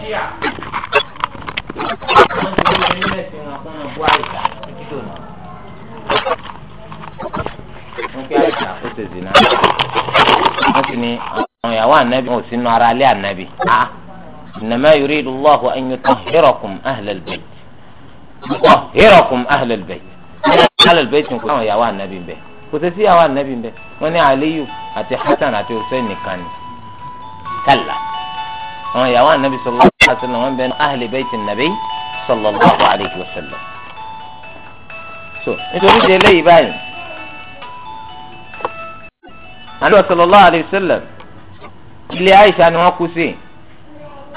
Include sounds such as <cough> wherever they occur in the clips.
díà wọ́n ti gbé ẹni mẹ́sìn wọn fún ọ̀bù àìsà títí dòní. wọ́n fi àìsà ó ṣe zina. wọ́n ti ní àwọn ìyàwó ànábì wọn ò sínú ara alẹ́ ànábì. إنما يريد الله أن يطهركم أهل البيت يطهركم أهل البيت أهل البيت نكون يا النبي به kò sí sí àwọn ànábì ń bẹ wọn ní aliyu àti hasan àti hussein nìkan ni kálá àwọn ìyàwó ànábì sọlọ àtúnlọ wọn bẹnu ahli bayti nàbí sọlọ lọ́wọ́ àlejò ọ̀sẹ̀lẹ̀. so nítorí ti eléyìí báyìí àlọ́ sọlọ lọ́wọ́ àlejò ọ̀sẹ̀lẹ̀ ilé àyíṣà ni wọ́n kú sí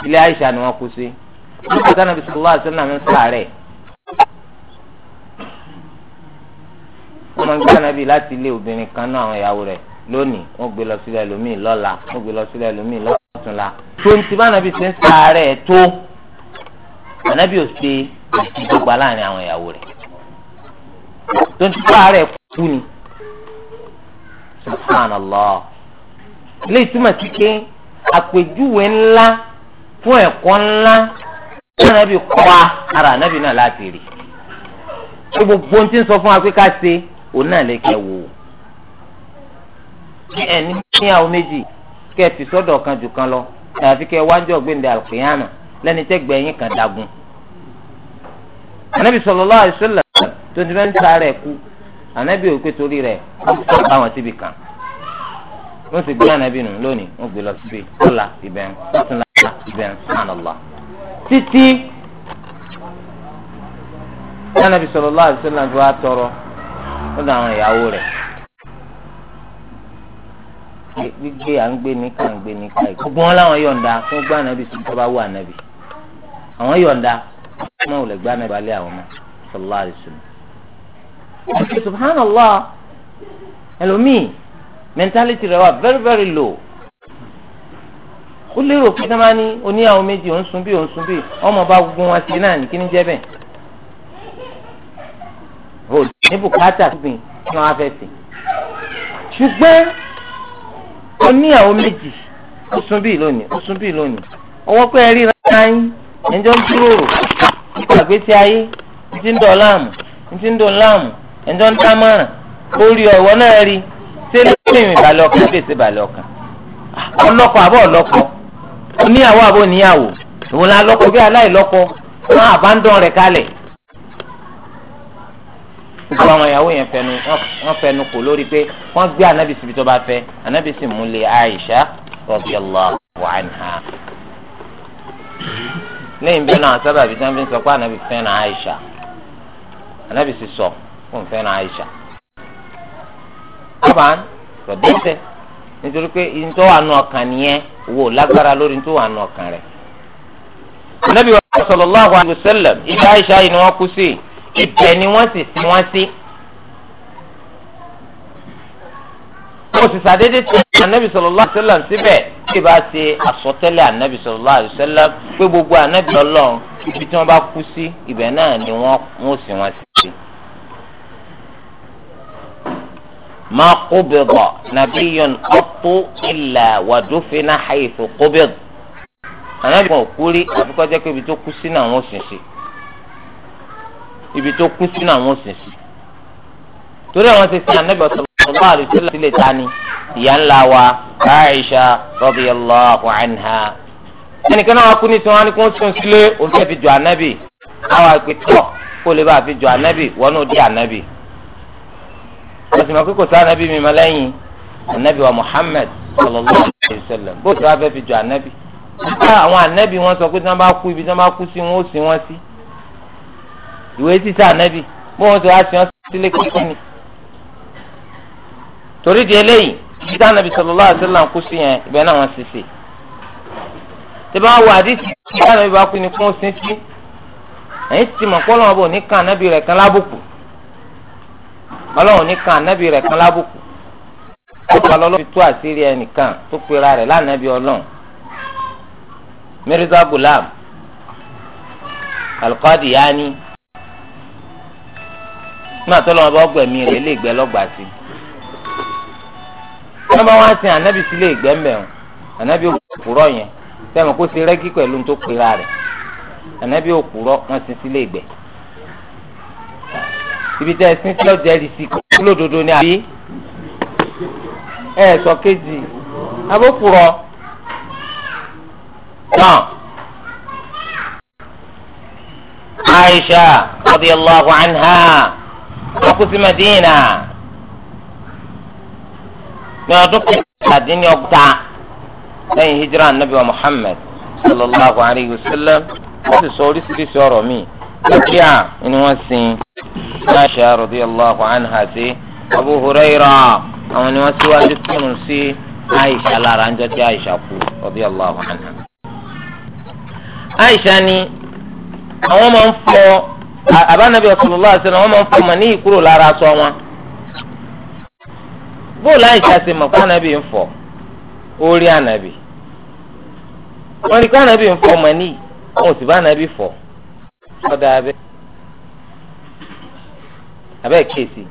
ilé àyíṣà ni wọ́n kú sí nígbà tí ànábì sọlọ àtúnlọ mi ń sàárẹ̀ wọ́n máa ń gbé ànábì láti ilé obìnrin kan náà àwọn ìyàwó rẹ̀ lónìí wọ́n gbé lọ sílẹ̀ lómìn lọ́la wọ́n gbé lọ sílẹ̀ lómìn lọ́túnla tó ń ti bá nàbí ṣe ń sàárẹ̀ tó ànábì ò ṣe ìdọ́gba láàrin àwọn ìyàwó rẹ̀ tó ń ti kú ni subhanallah ilé ìtumọ̀ sí pé àpèjúwe ńlá fún ẹ̀kọ́ ńlá tí ànábì kọ́ wa ara ànábì náà láti rí gbogbo ohun tí ń sọ fún wa pé ká ṣe òun náà lè kẹ́ wò ó ní ẹni níyàwó méjì kẹ́ ẹ fi sọ́dọ̀ kan jù kan lọ àyàfi kẹ́ ẹ wájú ọ̀gbìndẹ̀ àlùkìyàmà lẹ́ni tẹ́ gbẹ̀yìn kan dagun. ànábì sallallahu alaihi wasallam tó ti fẹ́ ń ta rẹ̀ kú ànábì òkè torí rẹ̀ wọ́n ti sọ̀rọ̀ báwọn síbi kan. wọ́n sì gbé ànábì nù lónìí wọ́n gbé lọ síbi ọ̀la ìbẹ̀rù lọ́túnla ìbẹ̀rù sànàlá. títí ànábì sallallahu alaihi wasallam tó wá tọrọ lọ́dọ̀ àwọn ìyàwó rẹ̀ gbígbé à ń gbé níkà ń gbé níkà yìí gbogbo wọn làwọn yọ̀ǹda fún gbọ́ ànábì sí tó wù ànábì àwọn yọ̀ǹda ọmọ ò lè gbá ànábì alẹ́ àwọn ọmọ sọlá àdìsùn. subhanallah ẹlòmíì mentality rẹ wà very very low ó lérò pé a ma ní oníyàwó méjì òun sun bí òun sun bí ọmọ bá gun wọn sí náà ní kíní bẹ́ẹ̀ ó ní bùkátà fún mi kí wọn á fẹ́ sìn ṣùgbọ́n ó níyàwó méjì ó sún bíi lónìí ó sún bíi lónìí ọwọ́ pé ẹ ríra yín ẹjọ́ ń dúró nípa àgbésí ayé ti ń dọ̀ láàmú ti ń dọ̀ láàmú ẹjọ́ ń dámọ̀ràn orí ọ̀wọ́ náà rí ṣé lóyún ìbàlẹ̀ ọkàn gbèsè ìbàlẹ̀ ọkàn ọlọ́kọ àbọ̀ ọlọ́kọ oníyàwó àbọ̀ oníyàwó òun la lọ́kọ bí aláìlọ́kọ wọn àbá ń dán rẹ̀ kalẹ̀ gbogbo àwọn ìyàwó yẹn fẹnu wọn fẹnu kò lórí pé wọn gbé anabi síbi tó bá fẹ́ anabi sì mú lé Aisha radiyallahu anha lẹ́yìn bẹ́ẹ̀ náà sábàbí tí wọn fi ń sọ pé anabi fẹ́ràn Aisha anabi sì sọ fún fẹ́ràn Aisha ọba sọ dẹsẹ nítorí pé ntọ́ wà nù ọkàn nìyẹn wò lágbára lórí ntọ́ wà nù ọkàn rẹ̀ anabi wa sallallahu alaihi wasallam ìdá Aisha yìí ni wọ́n kú sí i ibẹ̀ ni wọ́n sì sin wọ́n sí. mo sì sàdédé tí anabi sallallahu alaihi wasallam síbẹ̀ tí ìbá ṣe àsọtẹ́lẹ̀ anabi sallallahu alaihi wasallam pé gbogbo anabi Ọlọ́run ibi tí wọ́n bá kú sí ibẹ̀ náà ni wọ́n ń sin wọ́n sí. ma qubida nabiyyun qattu illa wa dufina haythu qubida kan ò kú rí àfikọ́jẹ́ pé ibi tó kú sí náà wọ́n sìn sí ibi tó kú sínú àwọn òsìn sí torí àwọn ti sin anábì sallallahu alaihi wasallam sílẹ̀ tani ìyá ńlá wa Aisha radiyallahu anha ẹnìkan náà wá kú ní tí wọn á ní kó sùn sílé òun fẹ́ẹ́ fi jọ anábì àwọn àgbẹ̀ tọ̀ kó lè bá fi jọ anábì wọn ò dé anábì wọ́n sì máa kókò sí anábì mi máa lẹ́yìn anábì wa Muhammad sallallahu alayhi wa sallam bó ti wá fẹ́ fi jọ anábì àwọn anábì wọn sọ pé tí wọ́n bá kú ibi tí wọ́n bá kú sí wọn ó sin wọn sí ìwé títà ànábì bó wọn ti wá sí wọn sílé kíkún ni. torí di eléyìí títà ànábì sallallahu alaihi wasallam kú sí yẹn ibẹ̀ náà wọ́n ti sè. tí bá wọ àdìsí títà ànábì bá kú ni kún sí sí ẹ̀yìn ti mọ̀ pọ́ lọ́wọ́ bò ní kan ànábì rẹ̀ kan lábùkù ọlọ́run ní kan rẹ̀ kan lábùkù ọ̀pọ̀ Mirza Ghulam al nígbà tó lọ́wọ́ bá gbẹ̀mí rẹ̀ lé ìgbẹ́ lọ́gbà sí. wọ́n bá wá sin ànábì sílé ìgbẹ́ o ànábì òkúrọ̀ yẹn sẹ́mi kó ṣe rẹ́gí pẹ̀lú tó pera rẹ̀ ànábì òkúrọ̀ wọ́n sin sílé ìgbẹ́. ibi tẹ́ ẹ sin tí ọjà ẹ̀rì sí kúlódodo ni àbí ẹ̀ sọ kéjì abókùrọ̀ náà. Aisha radiyallahu anha. wọ́n kú sí Madina ní ọdún kẹtàdín ní ọgbà lẹ́yìn hijira anabi wa Muhammad sallallahu alayhi wa sallam wọ́n ti sọ oríṣiríṣi ọ̀rọ̀ mi lókìá ni wọ́n sin Aisha radiyallahu anha sí Abu Huraira àwọn ni wọ́n síwájú kírun sí Aisha lára ń jọ Aisha kú radiyallahu anha. Aisha ni àwọn máa ń fọ. àbánabi ọ̀sọ̀lọ́lá àṣẹlẹ̀ wọ́n máa ń fọmọ ní ìkúrò lára aṣọ wọn. bóòlù àìsà ṣe mọ̀ ma ń fọ̀ orí ànábì wọ́n rí kánábì ń fọmọ ní wọn ò sì bá ànábì fọ̀ ọ̀dà abẹ́ abẹ́ kéèsì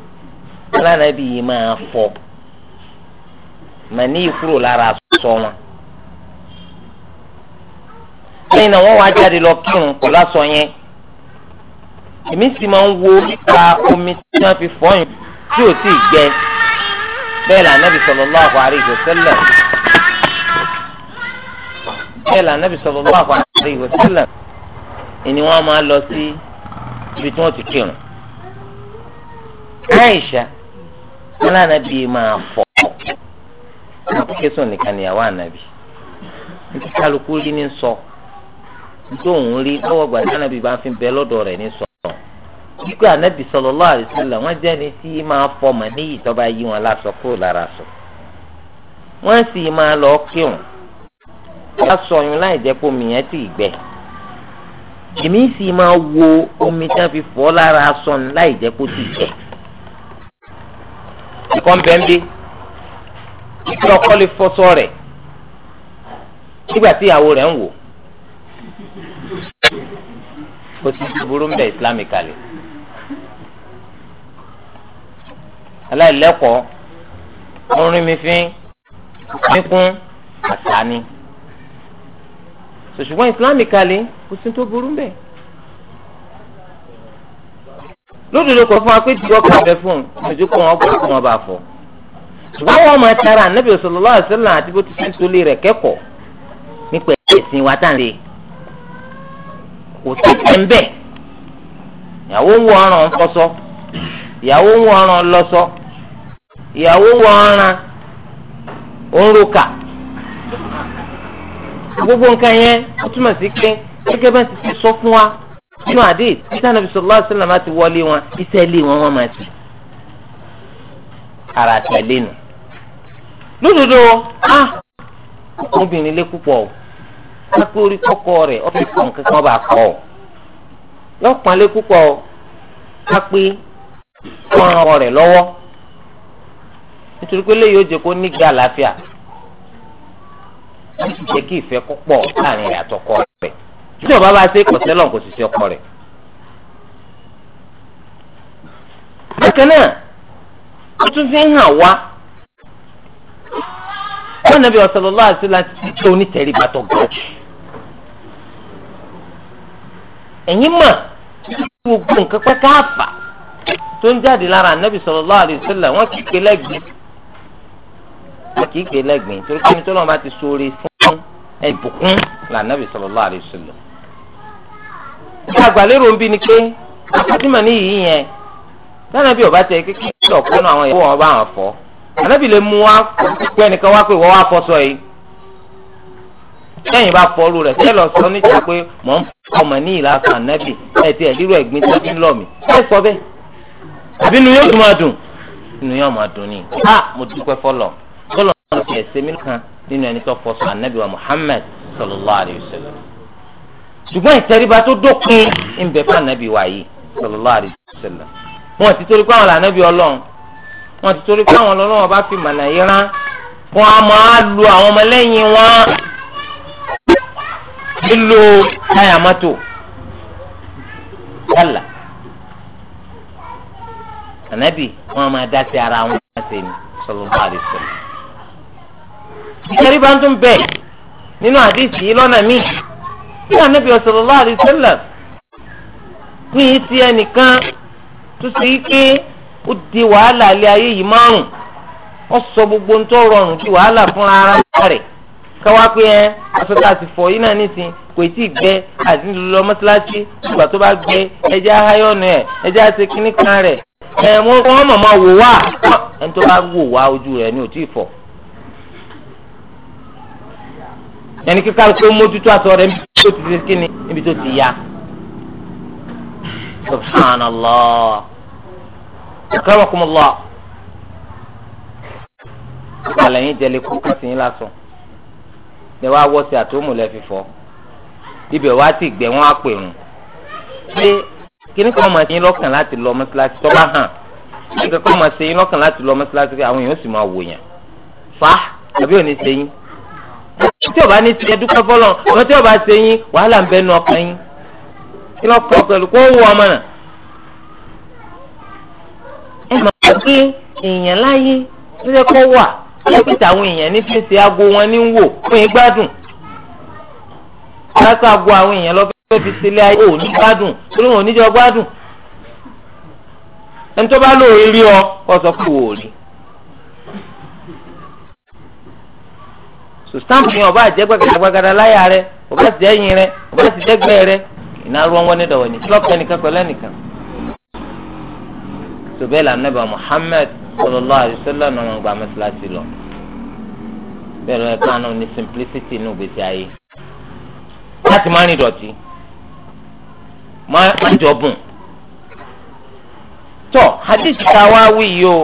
wọ́n yìí máa fọ̀ mọ̀ ní ìkúrò lára aṣọ wọn. lẹ́yìn náà wọ́n wá jáde lọ kírun èmi sì máa ń wo nípa omi tí wọ́n fi fọyín tí ò sì gbẹ bẹ́ẹ̀ là nàbì sallallahu alaihi wasallam bẹ́ẹ̀ là nàbì sallallahu alaihi wasallam ìní wọ́n máa lọ sí ibi tí wọ́n ti kírun. Aisha wọn lànàbì máa fọ àkókèsùn nìkan níyàwó ànàbì nítorí kálukú rí ní sọ nítorí òun rí lọ́wọ́ gbàdúrà ànàbì bá fi bẹ lọ́dọ̀ rẹ̀ ní sọ wípé anabi sallallahu alaihi wasallam wọn jẹ́ ni tí máa fọmọ ní ìtọba yí wọn lásọ kúrò lára sọ wọn sì máa lọ kírun wọn sọyún láì jẹ́ pé omi yẹn ti gbẹ èmi sì máa wo omi tí wọn fi fọ lára sọ ni láì jẹ́ pé ó ti gbẹ ẹ̀kọ́ ń bẹ ń dé ìpè ọkọ lè fọṣọ rẹ̀ nígbà tí ìyàwó rẹ̀ ń wò ó sì burú ń bẹ islamically. aláìlẹ́kọ̀ọ́ orin mi fi níkún àṣà ni ṣùgbọ́n islamically kò sí tó burú bẹ́ẹ̀ lódodo kò fún wa pé ìdíwọ́ kan bẹ fún un ìdíwọ́ kan wọn gbọ́dọ̀ kó wọn bá fọ ṣùgbọ́n wọn máa tara ànábì sallallahu alaihi wasallam àti bó ti fi sólé rẹ̀ kẹ́kọ̀ọ́ nípa ẹ̀sìn wa tá à ń lè kò sí ẹ̀ ń bẹ̀ ìyàwó ń wọ ọ̀ràn ń fọṣọ ìyàwó ń wọ ọ̀ràn lọ́ṣọ. ìyàwó wọ ọ̀ràn òǹrùkà gbogbo nǹkan yẹn ó túmọ̀ sí pé gẹ́gẹ́ bá ti sọ fún wa nínú títí ti wọlé wọn iṣẹ́ wọn wọn ti ara tẹ̀lé nu lódodo a obìnrin lé púpọ̀ o kọ́kọ́ rẹ̀ kankan bá ọ lọ́pàá lé púpọ̀ o a pé ọ̀ràn nítorí pé léyìí ó jẹ kó nígbà àlàáfíà ó sì jẹ kí ìfẹ́ kó pọ̀ láàrin àtọkọ rẹ tí ọba bá ṣe kọsẹlọ kò sì ṣe ọkọ rẹ bákan náà ó tún fi ń hàn wá wọn nàbí sallallahu alaihi wasallam ti tó onítẹríba tó gbọ́ ẹ̀yin gbogbo nǹkan pẹ́ káàfà tó ń jáde lára wọn kì í pè lẹ́gbìn torí kí ni tọ́lọ́mọ bá ti sóore fún ìbùkún lànàbì sallallahu alaihi wasallam. ìyá àgbàlérò ń bí ni pé àfọ́símọ̀ ní yìí yẹn lánàbì ọba tẹ kékeré ọ̀pọ̀ náà àwọn ìyàwó wọn bá wọn fọ́ ànábì lè mú wa pé ẹnìkan wá pé wọ́n wá fọ́sọ yìí sẹ́yìn bá fọ́ọ́rù rẹ̀ sẹ́yìn lọ sọ níta pé mọ̀ ń fọmọ ní ìlà ànábì ẹ̀ tiẹ̀ rírọ̀ ẹ̀gbin tó ń lọ mi ẹ̀ sọ bẹ́ẹ̀ àbínú yóò tún máa dùn inú yóò ní a ah, mo ọlọ́run ti ẹ̀sẹ̀ mi kan nínú ẹni tó fọṣọ anabi wa muhammed sallallahu alayhi wa sallam ṣùgbọ́n ìtẹríba tó dópin ń bẹ fún anabi wa yìí sallallahu alayhi wa sallam wọn ti torí pé àwọn anabi ọlọ́run wọn ti torí pé àwọn ọlọ́run ọba fi mànà yìí rán wọn a máa lu àwọn ọmọlẹ́yìn wọn nílò táyà mọ́tò yálà anabi wọn a máa dá sí ara wọn láti sallallahu alayhi wa sallam. ìtẹ́rí bá ń tún bẹ̀ nínú àdìsí lọ́nà míì kí ànábì sallallahu alaihi pín in sí ẹnìkan tó pé di wàhálà alẹ́ ayé yìí márùn ọ sọ gbogbo ń rọrùn di wàhálà fúnra ara rẹ̀ káwá pé ẹ fọ náà nìsín kò tí ì gbẹ àti lọ ìgbà tó bá gbẹ ẹ rẹ̀ wọ́n mọ̀ máa wò wá ẹni ojú rẹ̀ ni ò tí ì yẹn ni kíkà kó mójútó aṣọ rẹ̀ níbi tó ti kí ni níbi tó ti ya subhanallah akramakumullah àlẹyìn jẹlẹ kú kásìyìn lásán lẹ wá wọ sí àtọmù lẹ fífọ ibẹ̀ wá sì gbẹ wọn àpèrùn ṣé kíní kan máa ṣe yín lọ́kàn láti lọ mọ́ṣáláṣí tó bá hàn kíní kan máa ṣe yín lọ́kàn láti lọ mọ́ṣáláṣí àwọn èèyàn sì máa wò yàn fa àbí òní ṣe yín tí o bá ní tiẹ̀ dúpẹ́ fọlọ́ ọmọ tí o bá ṣe yín wàhálà ń bẹ nu ọkàn yín kí lọ kọ pẹ̀lú kó wọ ọmọ náà. ẹ máa gbé èèyàn láyé tó yẹ kó wà lọ́pítà àwọn èèyàn ní fèsì aago wọn ní wò fún yín gbádùn. lásán aago àwọn èèyàn lọ fi sílé ayé ò ní gbádùn torí wọn ò ní jọ gbádùn. ẹni tó bá lóore rí ọ kó sọ pé wò so stamp yẹn ọba àjẹ gbàgàdàgbàgàdà láyà rẹ ọba àti ẹ̀yìn rẹ ọba àti ẹgbẹ́ rẹ ìnáró wọn ní dọwọ ní kílọpù ẹnìkan pẹ̀lú ẹnìkan. sobẹ́lì anábà Muhammad sallallahu alaihi wasallam ọ̀nà ọgbà mẹ́sàlásì lọ bẹ́ẹ̀ lọ́yẹ̀ kánú ní simplicity inú gbèsè ayé láti má rìn dọ̀tí má jọ bùn. tọ́ hadith ká wá wí yìí o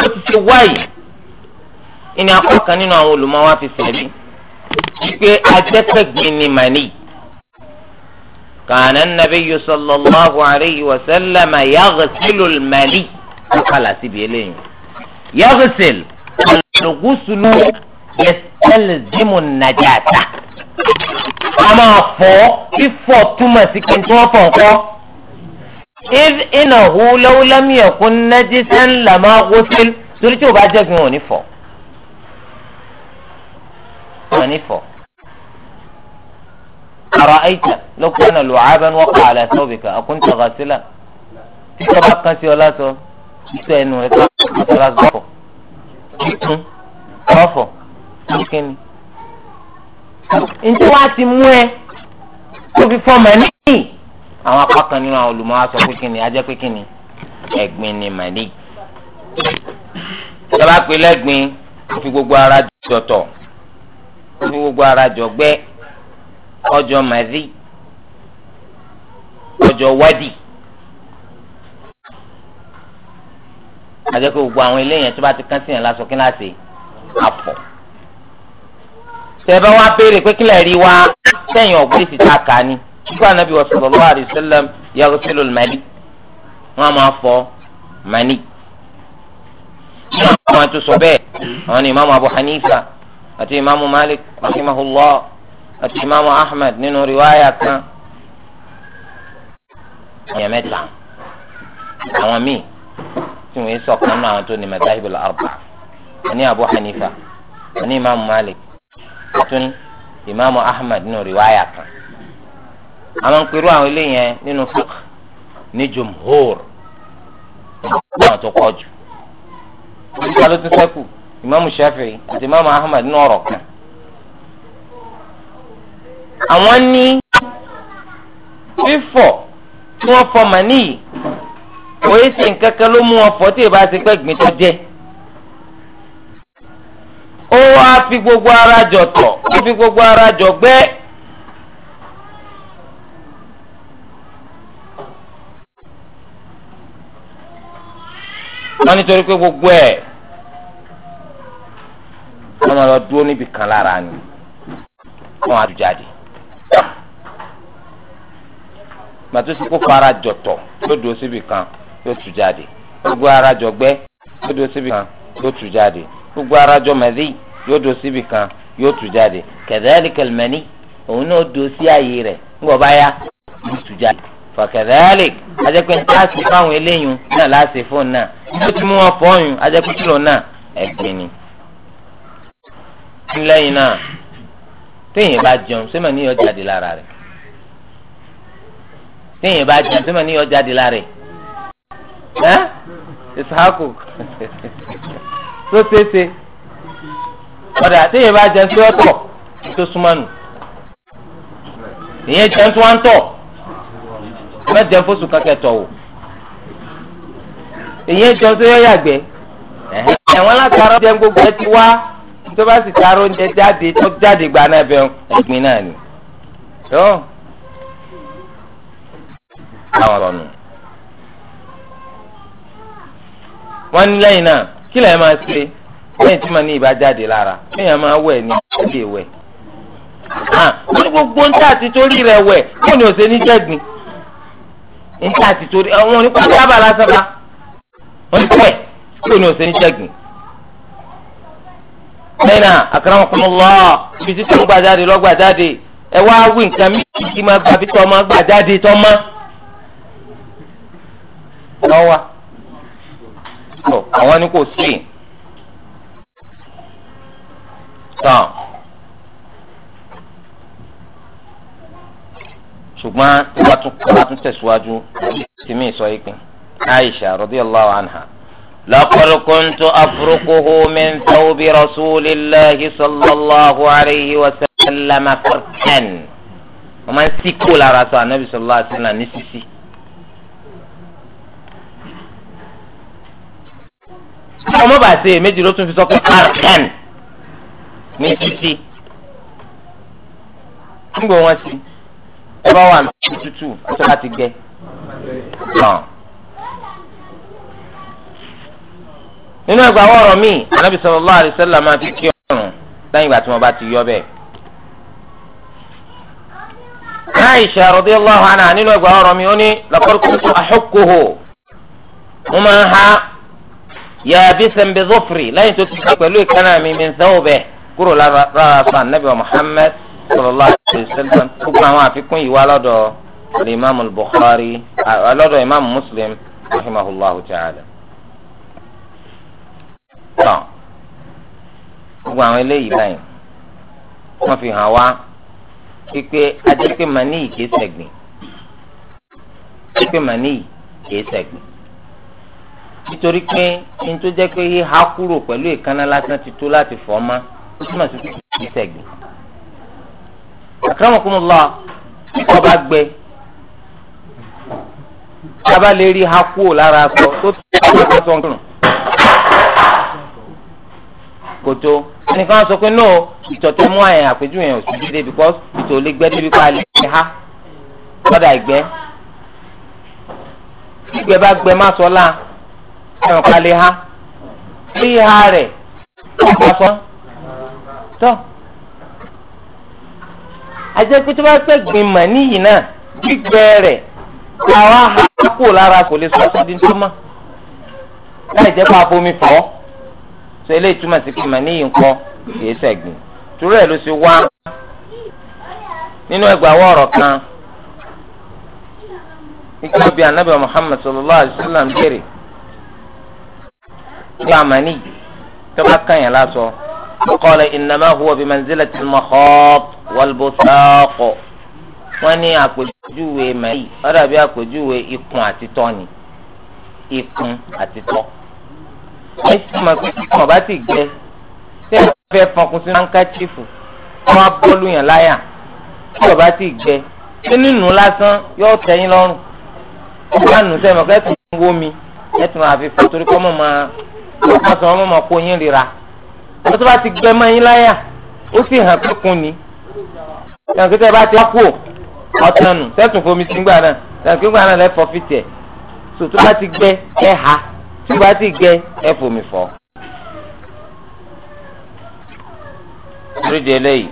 ó ti ṣe wáyìí ìní akọ́kàn nínú àwọn olùmọ̀ wa fi sẹ́rí wípé ajẹ́pẹ̀gbin ni màní. kàánà nàbí sallallahu alayhi wa sallam yaghsilul màní kọ́kàlà síbi eléyìí. yaghsil alùgùsùlù yastalzimu najata. a máa fọ fífọ̀ túmọ̀ sí pé tí wọ́n fọ̀ ńkọ́. إذ إنه لو لم يكن نجسا لما غسل torí tí o bá jẹ́gun ò ní fọ̀ wọn nífọ̀. أرأيت لو كان لعابا وقع على ثوبك أكنت غاسلا تتبع كان سيولاتو تتنو ثلاث ضفو تتن ضفو تتكني ntí wàá ti mú ẹ tó fi fọmọ ẹ níyì àwọn apá kan nínú àwọn olùmọ̀ wa sọ pé kíni ẹ̀gbin ni màlí ìjọba pé lẹ́gbin ó fi gbogbo ara jọ̀tọ̀ ó fi gbogbo ara jọ̀gbẹ́ ọjọ́ màdí ọjọ́ wádì àjẹkọ gbogbo àwọn eléyàn tó bá ti kán sí yẹn lásán kí láti àpọ̀ tẹ̀bẹ́ wá béèrè pé kílẹ̀ rí wá sẹ́yìn ọ̀gbìn sì ta kà ni kíkọ́ ànábì wa sallallahu alaihi wasallam yaghsilul mani wọ́n máa fọ mani. ní àwọn àti sọ bẹ́ẹ̀ àwọn ni Imam Abu Hanifa àti imaamu malik rahimahullah àti imaamu ahmed nínú riwaya kan èèyàn mẹ́ta àwọn míì tí wọ́n sọ kan náà àwọn tó ní madahibul arba àní abu hanifa àní imaamu malik àtúní imaamu ahmed nínú riwaya kan àwọn pẹ̀lú àwọn ilé nínú fiqh ní jumhur àwọn tó kọ́ jù wọ́n ti sọ imaamu shafi'i àti imaamu ahmad ní ọ̀rọ̀ kan àwọn ní fífọ̀ tí wọ́n fọ̀ màní yìí òye sì ń kankan ló mú wọn fọ̀ tí ìbá ti pẹ́ gbìn tó jẹ́ ó wá fi gbogbo ara jọ tọ̀ ó fi gbogbo ara jọ gbẹ́. wọ́n nítorí pé gbogbo ẹ̀ wọ́n máa lọ dúró níbi kan lára ni wọ́n á jáde. màtúnṣe kó fara jọ̀tọ̀ yóò dúró síbi kan yóò tú jáde gbogbo ara jọ̀gbẹ́ yóò dúró síbi kan yóò tú jáde gbogbo ara jọ̀mẹ́dì yóò dúró síbi kan yóò tú jáde kadhalikal mani òun náà dúró sí ààyè rẹ̀ ńgbọ̀ bá yá yóò tú jáde fàkàdàlì ajẹ́pẹ́ ní láti fáwọn eléyìí náà láti fóun náà bí ó mú wọn fọ́ọ̀yùn ajẹ́pẹ́ tí lòun náà ẹ̀gbìn ni lẹ́yìn náà téèyàn bá jẹun sẹ́mà ní yọ jáde lára rẹ̀ téèyàn bá jẹun sẹ́mà ní yọ jáde lára rẹ̀ ẹ́ ìsáàkù tó ṣeéṣe ọ̀dà téèyàn bá jẹun sí ọ̀tọ̀ tó súnmọ́ nù ìyẹn jẹun tó ń tọ̀ mẹ́jẹun fóṣù kankan tọ̀ wò ìyẹn jẹun tó yọ yàgbẹ́ ẹ̀hẹ́n àwọn látara jẹun gbogbo ẹ ti wá tó bá sì taara oúnjẹ jáde tó jáde gba náà bẹ́ẹ̀ ẹ̀gbin náà ni. tó àwọn ọ̀rọ̀ nù. wọ́n ní lẹ́yìn náà kí lẹ́yìn máa ṣe lẹ́yìn tí màá ní ìbá jáde lára lẹ́yìn máa wẹ̀ ní ìdílé wẹ̀. wọ́n ní gbogbo níta àti torí rẹ̀ wẹ̀ wọ́n ní òsè ní jẹ́gbin. níta àti torí àwọn onípa sábà lásán bá wọ́n ní pẹ̀ wọ́n ní òsè ní jẹ́gbin. lẹ́yìn akara akramakumullah ibi títí ń gbàjáde lọ́gbàjáde ẹ wá wí nǹkan ma kí máa gbàbí tọ́mọ tọ́mọ. lọ́wọ́ tó àwọn ni kò sí. tán ṣùgbọ́n tún tẹ̀síwájú sọ Aisha لقد كنت أفركه من ثوب رسول الله صلى الله عليه وسلم فركا ومن سيكول رسول النبي صلى الله عليه وسلم نسيسي ọmọ bá ṣe méjì ló tún fi sọ pé arkan ní títí nígbà wọn sí ẹ bá wà ní tútù àti láti gbẹ. nínú ẹgbàá wọ̀rọ̀ míì anábì sallallahu alaihi wasallam máa ti kí ọ̀run lẹ́yìn ìgbà tí wọ́n bá ti yọ bẹ́ẹ̀. Aisha radiyallahu anha nínú ẹgbàá wọ̀rọ̀ míì ó ní laqad kuntu ahukkuhu mo máa ń ha yabisan bi dhufri lẹ́yìn tó ti ká pẹ̀lú ìkànnà mi mi ń sẹ́wọ́ bẹ́ẹ̀ kúrò lára sàn nàbì wa Muhammad sallallahu alaihi tán gbogbo àwọn eléyìí báyìí wọ́n fi hàn wá pípé adékè màníyì kìí ṣẹ̀gbìn pípé màníyì kìí ṣẹ̀gbìn nítorí pé ní tó jẹ́ pé híhá kúrò pẹ̀lú èékánná lásán ti tó láti fọ́ ma ó túmọ̀ sí kìí ṣẹ̀gbìn. akramakumullah kíkọ́ bá gbẹ tábà lè rí há kúrò lára sọ tó tó tó tó tó ń kírun kòtó ẹnìkan sọ pé no ìtọ̀ tó mú àyàn àpèjúwe yẹn ò sí dídé because ìtọ̀ lè gbẹ́ débi pa lè ha lọ́dà ìgbẹ́ ìgbẹ́ bá gbẹ má sọ láà ẹ̀wọ̀n pa lè ha sí ha rẹ̀ ọ̀pọ̀ sọ tọ́ àti pé tó bá fẹ́ gbin mọ̀ níyì náà gbígbẹ rẹ̀ àwa ha kò lára kò lè sọ ọ́ sọ́dí tó mọ̀ láì jẹ́ pé a fọ́ sọ eléyìí túmọ̀ sí pé màní yìí ń kọ́ kìí sẹ̀gbìn torí ẹ̀ ló ṣe wá nínú ẹgbàáwọ̀ ọ̀rọ̀ kan nígbà bíi anabi Muhammad sallallahu alayhi wa sallam béèrè nígbà màní tó bá kàn yẹn lásọ qala innama huwa bi manzilati al-makhat wal-busaq wọ́n ní àpèjúwe màní ó dàbí àpèjúwe ikùn àti tọ́ ni ikùn ẹ ti mọ̀ pé kí wọn bá ti gbẹ tí wọn fẹ́ fọkùn sí hankachifu wọn bọ́ọ̀lù yàn láyà tí wọn bá ti gbẹ tí nínú lásán yóò tẹ̀yìn lọ́rùn wọn bá nù sẹ́mi ọ̀kẹ́ tó ń wó mi ẹ ti máa fi fọ́ torí kọ́ mọ̀ máa wọ́n sọ wọn mọ̀ kó yín rira wọ́n tó bá ti gbẹ mọ́ yín láyà ó sì hàn pé kún ni yàn kí tẹ́ bá ti wá kú ọ̀tàn nù sẹ́tùn fomi sí náà yàn kí gbà náà lẹ́ fọ́ fìtì ẹ̀ sòtú bá ti gbẹ ẹ̀ ha. tí bá ti gẹ ẹ fomi fọ. orídìí eléyìí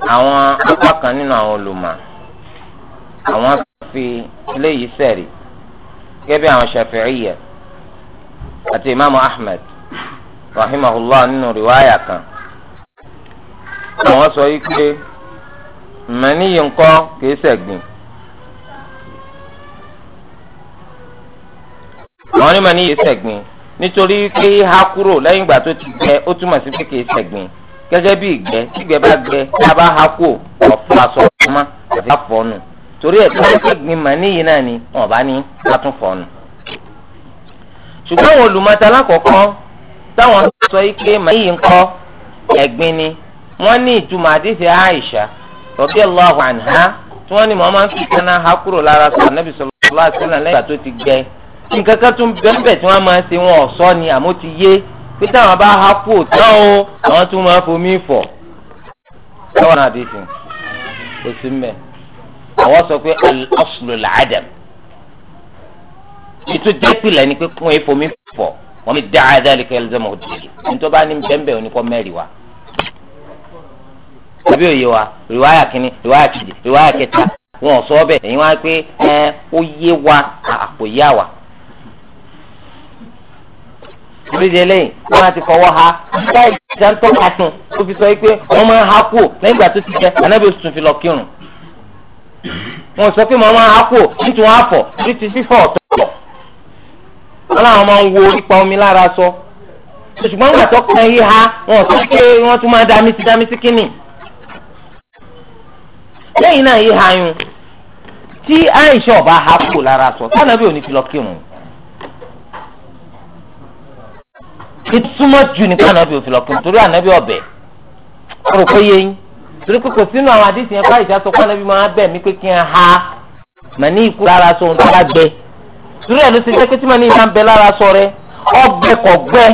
àwọn apá kan nínú àwọn olùmọ àwọn fi eléyìí awọn gẹ́gẹ́ àwọn Shafi'iyya àti imaamu Ahmed rahimahullah nínú riwaya kan àwọn sọ yìí pé mẹ́niyìí ńkọ́ kìí ṣẹ̀gbìn. àwọn onímọ̀ ní ìṣẹ̀gbìn nítorí pé ha kúrò lẹ́yìn ìgbà tó ti gbẹ ó túmọ̀ sí pé kì í ṣẹ̀gbìn gẹ́gẹ́ bí ìgbẹ́ tí ìgbẹ́ bá gbẹ tá a bá ha kúrò ọ̀fọ̀ aṣọ ọ̀fọ̀mọ́ àti àfọ̀nù torí ẹ̀ tó ń ṣẹ̀gbìn mà níyì náà ni wọn bá ní látúnfọ̀nù. ṣùgbọ́n àwọn olùmọ̀ta lákọ̀ọ́kọ́ táwọn sọ yìí pé mà níyì ń kọ́ ẹ̀gbin ni wọ́n ní ìtumọ̀ àdìsí Àìṣà radiyallahu anha tí wọ́n ní mọ̀ máa ń fi kaná ha kúrò lára sọ nǹkan kan tún bẹ́ẹ̀ tí wọ́n máa ń ṣe wọn ọ̀ṣọ́ ni àmọ́ ti yé pé táwọn bá há kú òtán o àwọn tún máa fomi fọ̀ táwọn náà dìísìn kò sí mbẹ àwọn sọ pé al-aslu al-adam ètò jẹ́pìlẹ̀ ni pé kún efomi fọ̀ wọ́n mi dá adálẹ̀ kẹ́ mọ̀ dìde nítorí bá ní bẹ́ẹ̀ oníkọ́ mẹ́rin wa tàbí òye wa rìwáyà kínní rìwáyà kejì rìwáyà kẹta wọn ò bẹ́ẹ̀ èyí wá pé ẹ ó yé wa àpò yá wa oríṣi eléyìí wọn á ti fọwọ́ ha láì já ń tọ́ka tún ó fi sọ pé wọ́n máa ń ha kú lẹ́yìn ìgbà tó ti jẹ anábì oṣù tún fi lọ kírun wọn sọ pé wọ́n máa ń ha kú nítorí wọn àfọ̀ orí ti fífọ̀ ọ̀tọ̀ wọn làwọn máa ń wo ipa omi lára sọ ṣùgbọ́n wọn àtọ́ kan yí ha wọn sọ pé wọ́n tún máa dá mi sí dá mi sí kínì lẹ́yìn náà yí ha yun tí àìsàn ọba ha kú lára sọ tí anábì ò ìtumọ̀ jù ní ká ànábì òfin lọ́kùnrin torí ànábì ọ̀bẹ kúrò kó yé yín torí pé kò sínú àwọn àdìsí yẹn báyìí sá sọ pé ànábì máa bẹ̀ mí pé kí n ha mà ní ikú lára sọ ohun tó bá gbẹ torí ẹ̀ ló ṣe jẹ́ pé tí màá ní ìyá ń bẹ lára sọ rẹ ọgbẹ kò gbẹ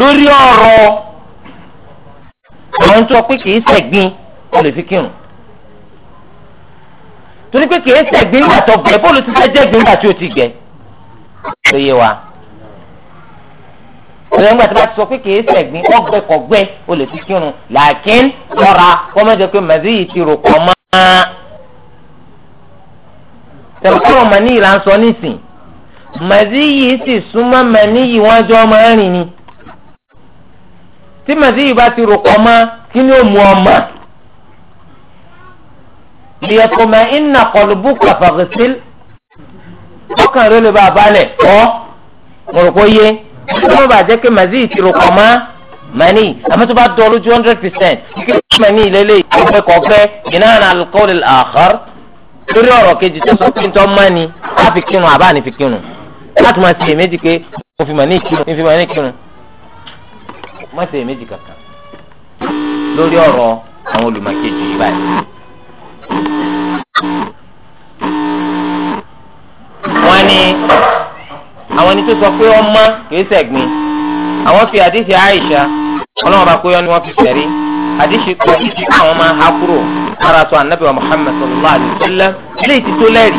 lórí ọ̀rọ̀ àwọn tó pé kìí ṣẹ̀gbin ó lè fi kírun torí pé kìí ṣẹ̀gbin gbàtọ̀ gbẹ bó ló ti fẹ́ jẹ́gbin gbà tí ó ti gbẹ ó yé wa ìyẹn gbà tí wọ́n sọ pé kìí sẹ̀gbìn ọgbẹ́ kọ̀gbẹ́ o lè fi kírun làákín lọ́ra kọ́mọ́jọ pé màdí yìí ti rò kọ́ mọ́. tẹ̀wọ́n mọ̀ ní ìlànà sọ nísìn màdí yìí sì súnmọ́ màní yìí wọ́n jọ máa ń rìn ni. tí màdí yìí bá ti rò kọ́ mọ́ kí ni ó mú ọmọ. liyatoma inna kọlubuka fagsil ọkàn rẹ lè bá a balẹ̀ kọ́ mo rò kó yé ọmọ bàjẹ́ pé màzí ti rò kàn mọ́ mani àmọ́ tó bá dọ̀ lójú hundred percent kí ló mani ìlélẹ̀ ìgbẹ́ kọ̀ọ̀fẹ́ ìnáhàn alukọ́lẹ̀ àkọ́r lórí ọ̀rọ̀ kejì tó sọ pé ntọ́ mani á fi kírun àbá ni fi kírun láti máa ṣe èméjì pé mo fi mani kírun mo fi mani kírun má ṣe èméjì kankan lórí ọ̀rọ̀ àwọn olùmọ̀kejì yìí báyìí. wọ́n ní àwọn ẹni tó sọ pé ọmọ kìí ṣẹ̀gbin àwọn fi àdìsí Àìṣà ọlọ́wọ́n bá kóyọ́ ni wọ́n fi sẹ̀rí àdìsí kọ́ àdìsí kọ́ àwọn máa há kúrò ara sọ ànábì wa Muhammad sallallahu alayhi wa sallam ilé ti tó lẹ́rì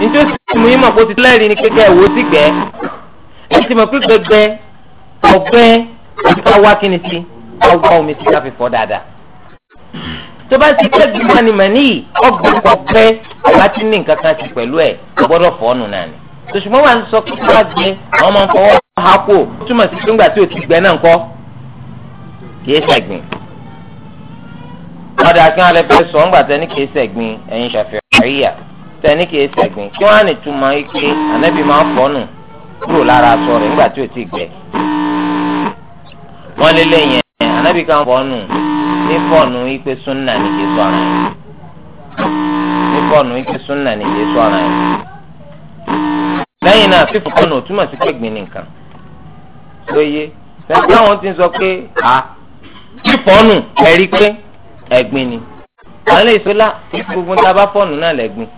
nítorí mú yín mọ̀ pé ó ti tó lẹ́rì ni kékeré ìwò sí gbẹ́ ẹ ti mọ̀ pé gbẹgbẹ ọgbẹ́ ìfipá wá kíni sí ọgbà omi sí káfí fọ́ dáadáa tó bá ti kẹ́gbẹ́ mọ́ni mọ́ni ọgbẹ́ ọgbẹ́ àti ní nǹkan kan ti pẹ̀lú ẹ̀ ọgbọ́dọ̀ fọ́ọ̀nù náà ni tòṣùmọ́ wà ń sọ kí wọ́n gbé àwọn máa ń fọwọ́ ha kó o túmọ̀ sí pé ńgbà tí o ti gbẹ náà ńkọ́ kìí ṣẹ̀gbìn ọ̀dà kí wọ́n lè fẹ́ sọ ńgbà tẹ́ni kìí ṣẹ̀gbìn ẹ̀yin ṣàfihàríyà tẹ́ni kìí ṣẹ̀gbìn kí wọ́n á ní túmọ̀ ike ànábì máa ń fọ́nù kúrò lára aṣọ rẹ̀ ńgbà tí o ti gbẹ. wọ́n lé lẹ́yìn ànábì kan fọ́nù ní fọ́nù ipe súnà ní kìí sọ̀ràn ní fọ́nù ipe súnà ní kìí lẹ́yìn náà fífi kọ́nà òtúmọ̀ sí pẹ́gbìn nìkan lóye sẹ́ńtì àwọn ti ń sọ pé à fífọ́nù ẹ̀rí pé ẹ̀gbin ni àwọn lè sọ́lá kìí sí gbogbo ń taba fọ́ọ̀nù náà lẹ́gbin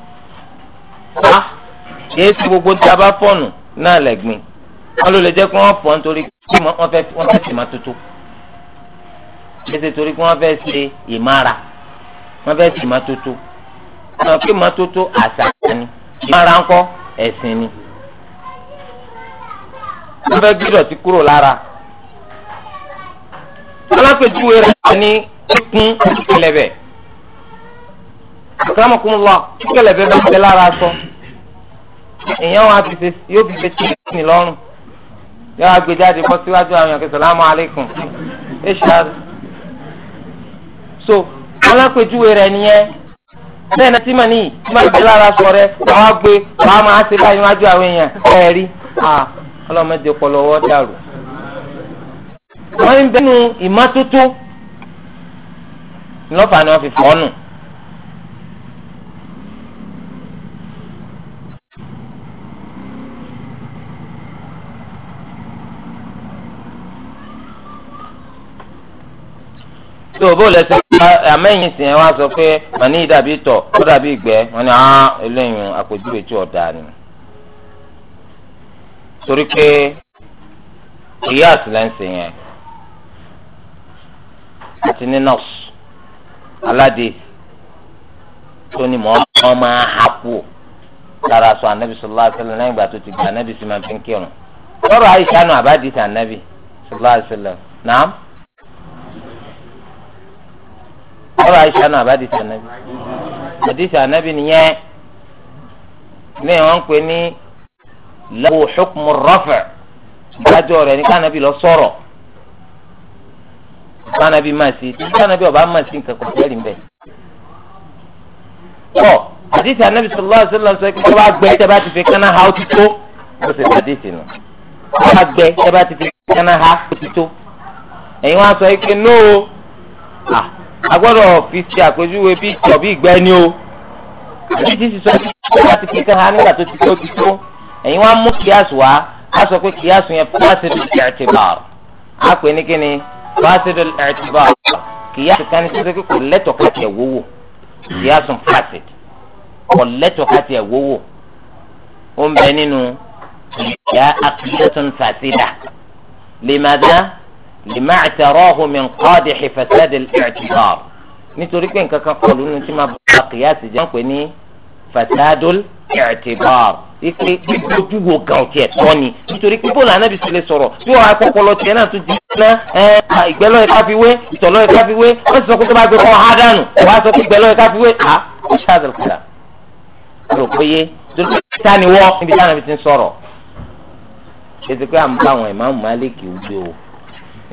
à kìí sí gbogbo ń taba fọ́ọ̀nù náà lẹ́gbin wọ́n ló lè jẹ́ pé wọ́n fọ́ nítorí pé wọ́n fẹ́ wọ́n fẹ́ tìmá tuntun ṣèṣe torí pé wọ́n fẹ́ ṣe ìmára wọ́n fẹ́ tìmá tuntun wọ́n fẹ́ tìmá tuntun àṣà ìmára ńkọ́ ẹ̀sìn ni wọ́n fẹ́ gbé dọ̀tí kúrò lára alápèjúwe rẹ̀ ní kíkún kẹlẹ̀bẹ̀ àkàràmọ̀kún lọ kẹlẹ̀bẹ̀ bá bẹ lára sọ èèyàn wọn àti yóò fi ṣe tí ní lọ́rùn yóò wá gbé jáde bọ́ síwájú àwọn èèyàn kẹsàn-án láàmú alaikum hr so alápèjúwe rẹ̀ nìyẹn. bẹ́ẹ̀ náà tí mà ní tí mà ní lára sọ rẹ wàá gbé wàá máa ṣe báyìí wájú àwọn èèyàn ẹ̀ rí ọlọ́mọdé pọlọwọ́ dàrú. wọ́n ń bẹ́nu ìmọ́tótó ńlọ́fà ni wọ́n fi fọ́ nù. tó o bó lẹsẹ amẹyin sì wá sọ pé dàbí ó dàbí wọn ni ah eléyìí àpèjúwe tí ọ̀dà ni. torí pé ìyá àtìlẹ́ǹsì yẹn àti ní nọ́ọ̀sì aládé tó ni mọ́ máa ha kú lára sọ anabi sallallahu alaihi wasallam ìgbà ti gba anabi sì máa fi ń kírun lọ́rọ̀ àyíṣà nù sí anabi sallallahu alaihi ọ̀rọ̀ Aisha náà bá dìtà nàbí àdìtà nàbí nìyẹn ní wọ́n pè ní lawu hukmu rafa ìdájọ́ rẹ̀ ní kánàbí lọ sọ̀rọ̀ kánàbí máa sí tí kánàbí ọba máa sí nǹkan kò tẹ́lẹ̀ mbẹ́. tọ́ àdìtà nàbí sallallahu alaihi wasallam sọ pé kí wọ́n gbẹ tẹ́ bá ti fi kánà ha ó ti tó ó sì àdìtì nù wọ́n gbẹ tẹ́ bá ti fi kánà ha ó ti tó ẹ̀yin wọ́n sọ pé nóò ah, agbọ́dọ̀ fi ti àpèjúwe bí ìtọ̀ bí ìgbẹ́ ni o àbí tí sísọ bí ìtọ̀ láti kékeré ha nígbà tó ti tó ti tó ẹ̀yin wá mú kíyàsù wá á sọ pé kíyàsù yẹn fásidù ẹ̀tìbàr á pè ní kíni fásidù ẹ̀tìbàr kíyàsù kan ní sísọ pé kò lẹ́tọ̀ọ́ káti ẹ̀ wówó kíyàsù fásidù kò lẹ́tọ̀ọ́ káti ẹ̀ wówó ó ń bẹ nínú ìyá àkíyàsù fásidà lè má dá lima àtàrọ́hùn mi kọ́ọ̀dì ìfẹsẹ̀dì ìtìbọ̀r nítorí pé nǹkan kan kọlu nínú tí ma bá kìyàsí jẹ́ pé ní fasadul ìtìbọ̀r ipe ojú wo gan tiẹ̀ tọ́ ni nítorí pé bóòlù anábì sílẹ̀ sọ̀rọ̀ bí wọ́n akọ́kọ́ lọ tiẹ̀ náà tún di iná ìgbẹ́lọ́ ẹ̀ká fi wé ìtọ̀lọ́ ẹ̀ká fi wé wọ́n sọ pé tó bá gbé kọ́ ha dànù wọ́n á sọ pé ìgbẹ́lọ́ ẹ̀ká fi wé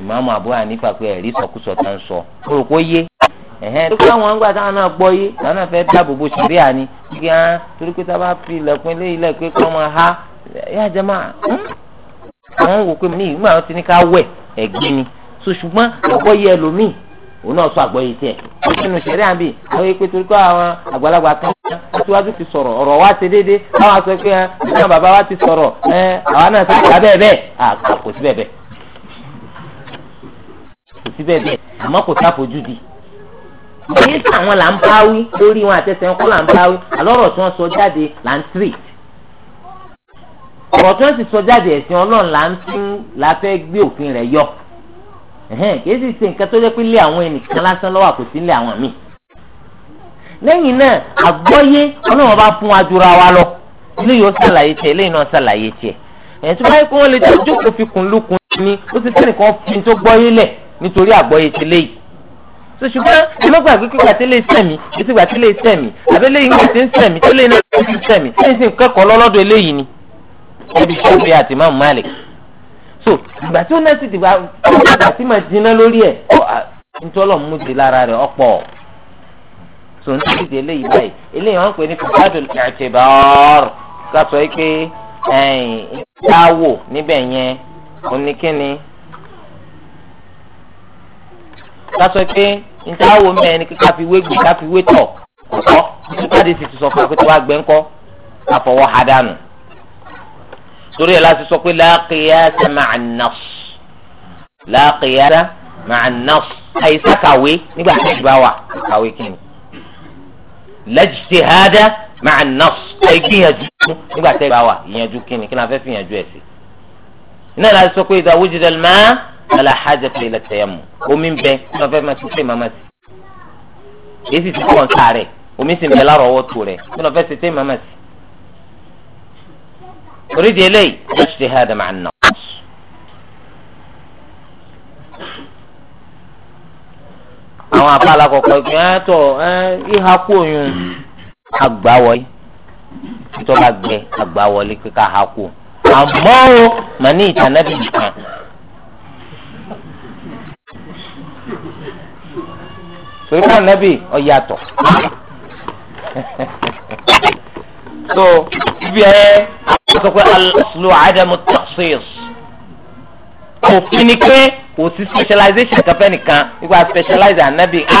ìmáàmù Abu Hanifa pé ẹ̀rí sọkúsọ ń sọ mo rò yé ẹ̀hẹ́n tó káwọn àwọn gbà táwọn náà gbọ́ yé táwọn náà fẹ́ dáàbò bo ni kí á torí pé fi ilẹ̀kùn ilé ilẹ̀ pé kọ́ máa ha yá jẹ́ máa hmm? àwọn wò pé ni so ṣùgbọ́n ẹlòmíì òun náà àwọn torí pé àwọn àgbàlagbà àwọn pé ẹ bàbá wa ti sọ̀rọ̀ ẹ àwa náà kò sí bẹ́ẹ̀ bẹ́ẹ̀ àmọ́ kò sáfojú di èyí tí àwọn là ń bá wí lórí wọn àtẹsẹ̀ ńkọ́ là ń bá wí àlọ́rọ̀ tí wọ́n sọ jáde là ń tírì ọ̀rọ̀ tí wọ́n sì sọ jáde ẹ̀sìn ọlọ́run là ń tún la fẹ́ gbé òfin rẹ̀ yọ kìí sì ṣe nǹkan tó jẹ́ pé lé àwọn ẹnìkan lásán lọ́wọ́ kò sí lé àwọn míì lẹ́yìn náà àgbọ́yé ọlọ́run bá fún wa jura wa lọ ilé yóò ṣàlàyé tiẹ̀ ilé náà ṣàlàyé tiẹ̀ ẹ̀ tó báyìí pé wọ́n lè jókòó fi kùn lukùn ni ó ti fẹ́ fi tó gbọ́yé lẹ̀ nítorí àgbọ́yé ti léyìí so ṣùgbọ́n ẹ má gbàgbé pé gbàtẹ́lẹ̀ sẹ̀mí ètò gbàtẹ́lẹ̀ sẹ̀mí àbẹ́lẹ̀ yìí ti ń sẹ̀mí tẹ́lẹ̀ náà ti ń sẹ̀mí ẹ̀yìn sì ń kẹ́kọ̀ọ́ lọ́lọ́dọ̀ eléyìí ni ẹbí ṣọ́ọ̀bì àti Imam Malik so ìgbà tí ó náà ti dìgbà ìgbà tí màá jiná lórí ẹ̀ ntọ́lọ̀ mú di lára rẹ̀ ọ̀pọ̀ so ní ti di eléyìí báyìí eléyìí wọ́n pè ní fàdúl i'tibar ká sọ pé ẹ̀yìn ìdáwò níbẹ̀ yẹn oníkíni lásọ pé níta wo mẹ́rin ni kíkà fi wé gbè ká fi wé tọ̀ ọ̀tọ̀ nítorí sì ti sọ fún akéwà gbẹ́ ńkọ́ àfọwọ́ ha dànù. torí ẹ̀ láti sọ pé la qiyasa ma'a an-nass la qiyasa ma'a an àyíṣà kàwé nígbà tí ìgbà wà kàwé kìíní. la ijtihada ma'a an nígbà tí ìgbà wà ìyànjú kìíní kí ni a fẹ́ ẹ̀ sí. iná láti sọ pé idha wujida al-ma' fala hajata ila at-tayammum omi ń bẹ tí wọ́n fẹ́ máa ti pè màmá sí èyí sì ti pọ̀ nta rẹ̀ omi sì ń bẹ lárọ̀ọ́wọ́tò rẹ̀ tí wọ́n fẹ́ ti pè màmá sí. orídìí eléyìí wọ́n ti ṣe hàdà màá nà. àwọn àpáàlà kọ̀ọ̀kan ìpín ẹ̀ tọ̀ ẹ̀ ìhà kú oyún agbáwọ̀yí tó bá gbẹ agbáwọlé kíkà hà kú àmọ́ màní ìtànẹ́bì nìkan. torí wọn nẹ́bì ọ̀yàtọ̀ <laughs> so ibi ẹ sọ pé alaslu adamu takhsis òfin ni pé kò sí specialization kẹfẹ́ nìkan nígbà specialize anabi a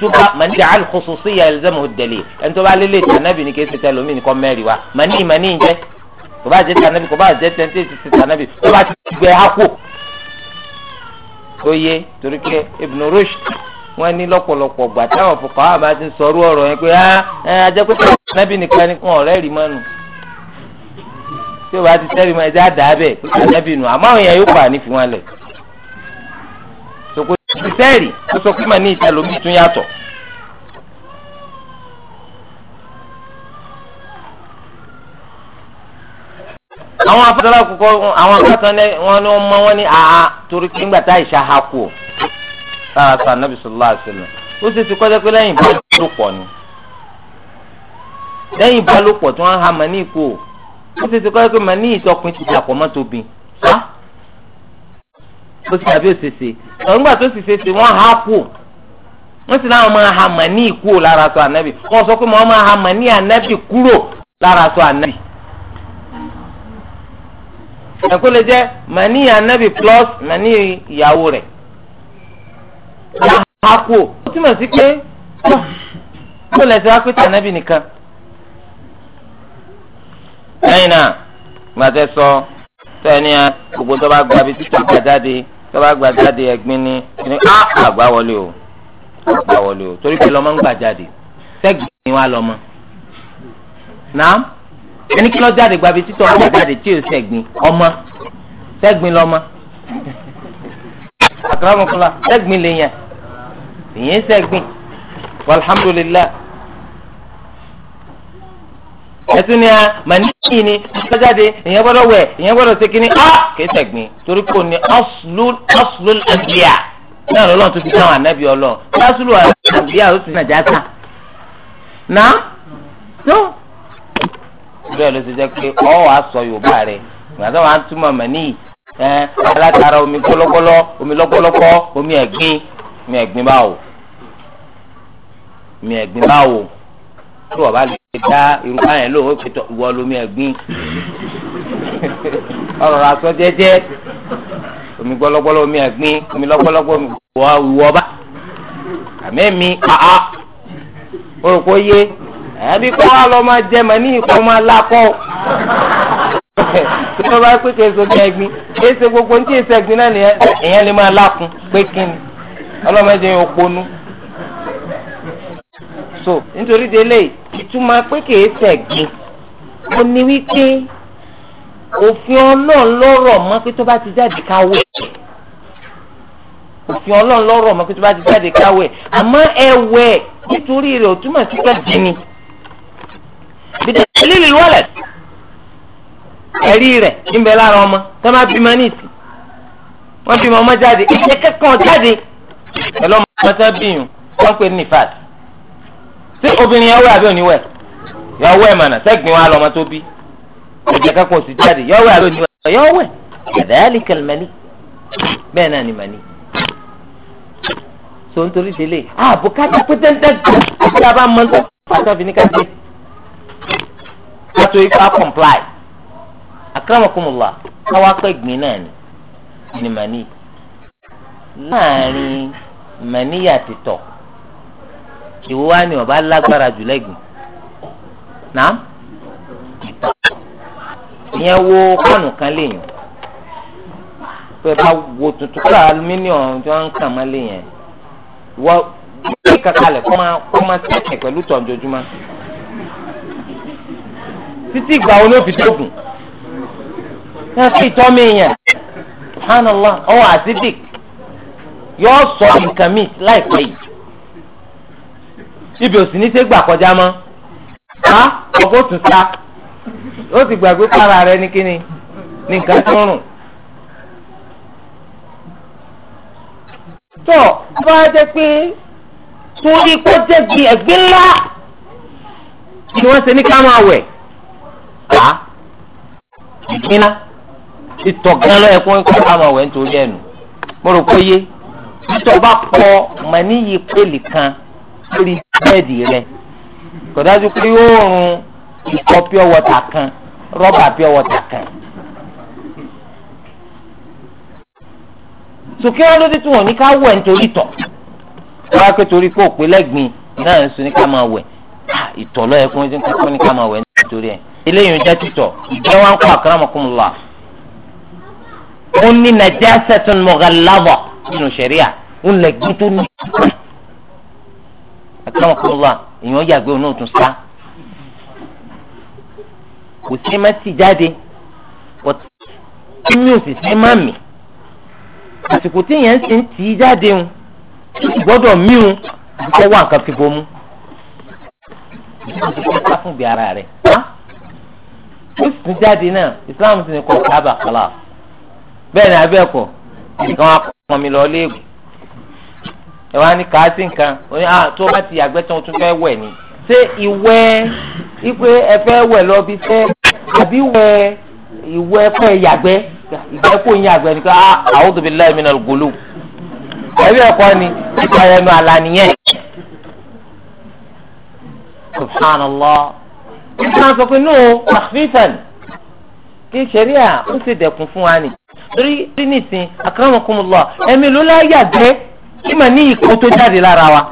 tuba mani jacal khususi ya elzamu deli ẹni tó bá lélẹ̀ tí anabi ni kìí ṣe tẹ̀lé nìkan mẹ́rin wa mani mani ń kò bá jẹ́ ti anabi kò bá jẹ́ tẹ̀ntẹ́ ti ṣe tànàbì kò bá ti gbẹ hako. ó yé torí pé Ibn Rushd wọ́n ní lọ́pọ̀lọpọ̀ gbà a fòkà wà bá ti ń sọrú ọ̀rọ̀ yẹn pé ah, ẹ ajẹ́pẹ́tẹ́ ànábì nìkan ni wọn rí tí o bá ti sẹ́rí mọ́ ẹ jẹ àdá bẹ̀ pé ànábì nù àmọ́ àwọn èèyàn yóò pa àní fi ha kú lára sọ anabi sallallahu alaihi wasallam ó sì ti kọjá pé lẹ́yìn ìbálòpọ̀ ni lẹ́yìn ìbálòpọ̀ tí wọ́n ha mani kú o ó sì ti kọjá pé mani ìtọkùn ti dàpọ̀ mọ́tò bì sá ó sì àbí òṣèṣe ọ̀rọ̀ nígbà tó sì ṣeṣe wọ́n ha kú o wọ́n sì láwọn máa ha mani kú o lára sọ anabi wọ́n sọ pé wọ́n máa ha mani anabi kúrò lára sọ anabi ẹ̀kọ́ lè jẹ́ mani anabi plus mani ìyàwó rẹ̀ àpò ó túmọ̀ sí pé ó lẹ́sẹ̀ wá pé tànàbì nìkan. lẹ́yìn náà gbàtẹ́ sọ tẹ́ni à gbogbo tó bá gba bí títà gbà jáde tó bá gba jáde ẹ̀gbin ni ẹni á àgbà wọlé o àgbà wọlé o torí pé lọ́mọ ń gbà jáde sẹ́gbìn ni wà lọ́mọ. nàám ẹni kí lọ́ jáde gba bí títà gbà jáde tí ò sẹ́gbìn ọmọ sẹ́gbìn lọ́mọ. àkàrà ọmọkùnrin sẹ́gbìn lè yàn ìyẹn sẹ́gbìn walhamdulillah ẹtún ni a màníyì ni sọ́jáde ìyẹn gbọ́dọ̀ wẹ̀ ìyẹn gbọ́dọ̀ ṣe kínní á kìí sẹ̀gbìn torí kò ní aslul anbiya náà lọ́lọ́run tó fi sáwọn ànábì ọlọ́ aslul anbiya ó sì nà já sàn. nà tó bẹ́ẹ̀ ló ti jẹ́ pé ọ́ wàá sọ yorùbá rẹ̀ gbàdá wàá túmọ̀ màníyì ẹ̀ alátara omi gbọ́lọ́gbọ́lọ́ omi lọ́gbọ́lọ́gbọ́ omi ẹ̀gbin omi ẹ̀gbin báwo mi ẹ̀gbin báwo tí wọ́n bá lè dá irú báyẹn lò ó pè tọ́ ìwọ lomi ẹ̀gbin <laughs> ọ̀rọ̀ rà sọ jẹ́jẹ́ omi gbọ́lọ́gbọ́lọ́ omi ẹ̀gbin omi lọ́gbọ́lọ́gbọ́ wọ ìwọ bá àmẹ́mi àá ó rò kó yé àbí kó wá lọ́ máa jẹ́ màá ní ìkọ́ máa lakọ́ <laughs> tí wọ́n bá pé kèso bí ẹ̀gbin kèso gbogbo ní kí èso ẹ̀gbin náà nìyẹn lè máa lakùn pé kíni ọlọ́mọdé yẹn ò ponú so nítorí délé ìtumọ̀ pé kìí sẹ̀gbìn ó ní wípé òfin ọlọ́run lọ́rọ̀ mọ́ pé tó bá ti jáde káwé òfin ọlọ́run lọ́rọ̀ mọ́ pé tó bá ti jáde káwé àmọ́ ẹ̀wẹ̀ nítorí rẹ̀ ò túmọ̀ sí pé dìní bìtẹ̀ lílì wọlẹ̀ ẹ̀rí rẹ̀ níbẹ̀ lára ọmọ tó má bímọ ní ìsìn wọ́n bímọ ọmọ jáde ìṣe kẹ́kọ̀ọ́ jáde pẹ̀lú ọmọ tó bí yùn wọ́n pè ní ìfàdí ṣé obìnrin yẹn wẹ̀ àbí oníwẹ̀ yọ wẹ̀ mànà sẹ́gbìn wa lọ́mọ tó bí ẹ̀jẹ̀ kankan sì jáde yọ wẹ̀ àbí oníwẹ̀ yọ wẹ̀ àdáyàlì kẹlẹmẹlì bẹ́ẹ̀ náà ni màní. so nítorí délé ààbò kájà pété ń dẹ́gbẹ́ àti àbá mọ́tò pàṣẹ fi ní kájé kátó ipá comply akramakumullah káwá pẹ́ gbìn náà ni ni màní láàrin màníyà ti tọ̀ ìwọ wa ni ọba lágbára jù lẹ́gbìn náà ìyẹn wo kánù kan léyìn pé bá wo tuntun kúrò alumíníọ̀n tí wọ́n ń kàn mọ́ léyìn wọ gbé kakalẹ̀ kó máa kó máa tẹ̀sẹ̀ pẹ̀lú tọ̀jọ́júmọ́ títí ìgbà wo ló fi dógùn wọ́n fi tọ́ yẹn subhanallah ọwọ́ àti dìk yọ sọ nǹkan mi láìpẹ́ yìí ibi òsì ní sẹ́gbà kọjá mọ́ á ọkọ̀ tún sá ó sì gbàgbé kára rẹ ní kíni ní nǹkan tó rùn. tó bá jẹ́ pé torí kó jẹ́ bí ẹ̀gbín ńlá ni wọ́n ṣe ní ká máa wẹ̀ á ìgbínná ìtọ̀ gan lọ́yẹ̀ kó ń kọ́ ká máa wẹ̀ nítorí ẹ̀nu mo rò pé yé ìtọ̀ bá pọ̀ mọ̀ níyì pélì kan lórí bẹ́ẹ̀dì rẹ̀ kò dájú pé yóò rún ìkọ́ pure water kan rọ́bà pure water kan. sòkè wọn ló dé tí wọn ní ká wẹ̀ nítorí tọ̀ wọn á pé torí pé òpè lẹ́gbìn náà ń sun ní ká máa wẹ̀ ìtọ̀ lọ́yẹ̀ kún ní ká ní ká máa wẹ̀ nítorí ẹ̀ eléyìí ń jẹ́ títọ̀ ìjẹ́ wọn kọ́ akramakumullah ó ní najasatun mughalladha nínú ṣẹ̀ríà ó lẹ́gbìn tó ní àtàwọn kọlọ́wà èèyàn yàgbé òun náà tún sá kò sí má ti jáde kò tí mi ò sì sí má mi àsìkò tí èèyàn sì ń tì í jáde ń gbọ́dọ̀ mí ń àbúkọ́ wà nǹkan fi bomú ìṣòro ti fẹ́ sá fún bí ara ó sì tún jáde náà Islam sì ní kọ́ kábà kọ́lá bẹ́ẹ̀ ni abẹ́ẹ̀kọ́ nǹkan wá pọ́n mi lọ léègùn ẹ wá ní kàásì nǹkan ó ní ah tó o bá ti yàgbẹ́ tán o tún fẹ́ wẹ̀ ni ṣé ìwẹ̀ ipe ẹ fẹ́ wẹ̀ lọ bí fẹ́ àbí wẹ̀ ìwẹ̀ fẹ́ yàgbẹ́ ìgbẹ́ kó ń yàgbẹ́ ni pé ah a'udhu billahi minal ghulub ẹ̀rí ẹ̀kọ́ ni ìgbà ẹnu àlà nìyẹn. subhanallah ìgbà sọ pé nù takhfifan kí sẹ́ríà ó sì dẹ̀kun fún wa ni torí nìsín akramakumullah ẹ̀mí ló láyà dẹ́ kí mà ní ìkó tó jáde lára wa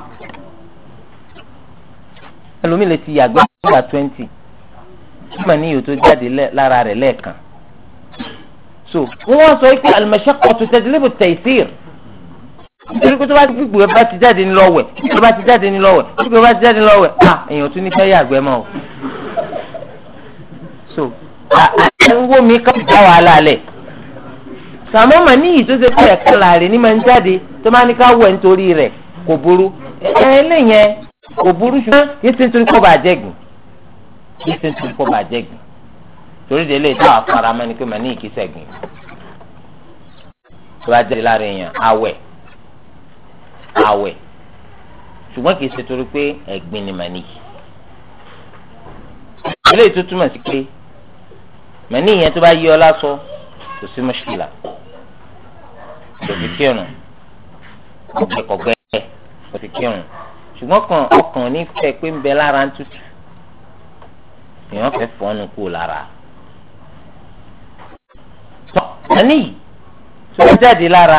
ẹlòmíì lè ti yàgbẹ́ nígbà twenty kí mà ní ìyó tó jáde lára rẹ̀ lẹ́ẹ̀kan so wọ́n sọ pé al-mashaqqatu tajlibu at-taysir nítorí pé tó bá ti gbígbó ẹ bá ti jáde ní lọ́wẹ̀ tó bá ti jáde ní lọ́wẹ̀ gbígbó ẹ bá ti jáde ní lọ́wẹ̀ à èèyàn tún ní fẹ́ yàgbẹ́ mọ́ o so àwọn owó mi kàn já wàhálà lẹ̀ tàmọ́ mà níyì tó ṣe pé ẹ̀ka láàrin ní máa ń jáde tó máa ní ká wẹ̀ nítorí rẹ̀ kò burú ẹ eléyẹn kò burú ṣùgbọ́n kì í ṣe nítorí kó bàa jẹ́gùn kì í ṣe nítorí kó bàa jẹ́gùn torí délé tó àfara mọ́ ni pé mà níyì kì í ṣẹ̀gùn tó bá jáde láàrin èèyàn awẹ̀ awẹ̀ ṣùgbọ́n kì í ṣe torí pé ẹ̀gbin ni mà níyì eléyìí tó túmọ̀ sí pé mà níyì yẹn tó bá yí ọ lásọ kò sí mọ́ṣíkìlà kò fi kírun ọ̀gbẹ́kọ̀gbẹ́ kò fi kírun ṣùgbọ́n kan ọkàn nífẹ̀ẹ́ pé ń bẹ lára ń tutù èèyàn fẹ́ fọ́nù kú lára. tọ́ ẹni yìí tó ń jáde lára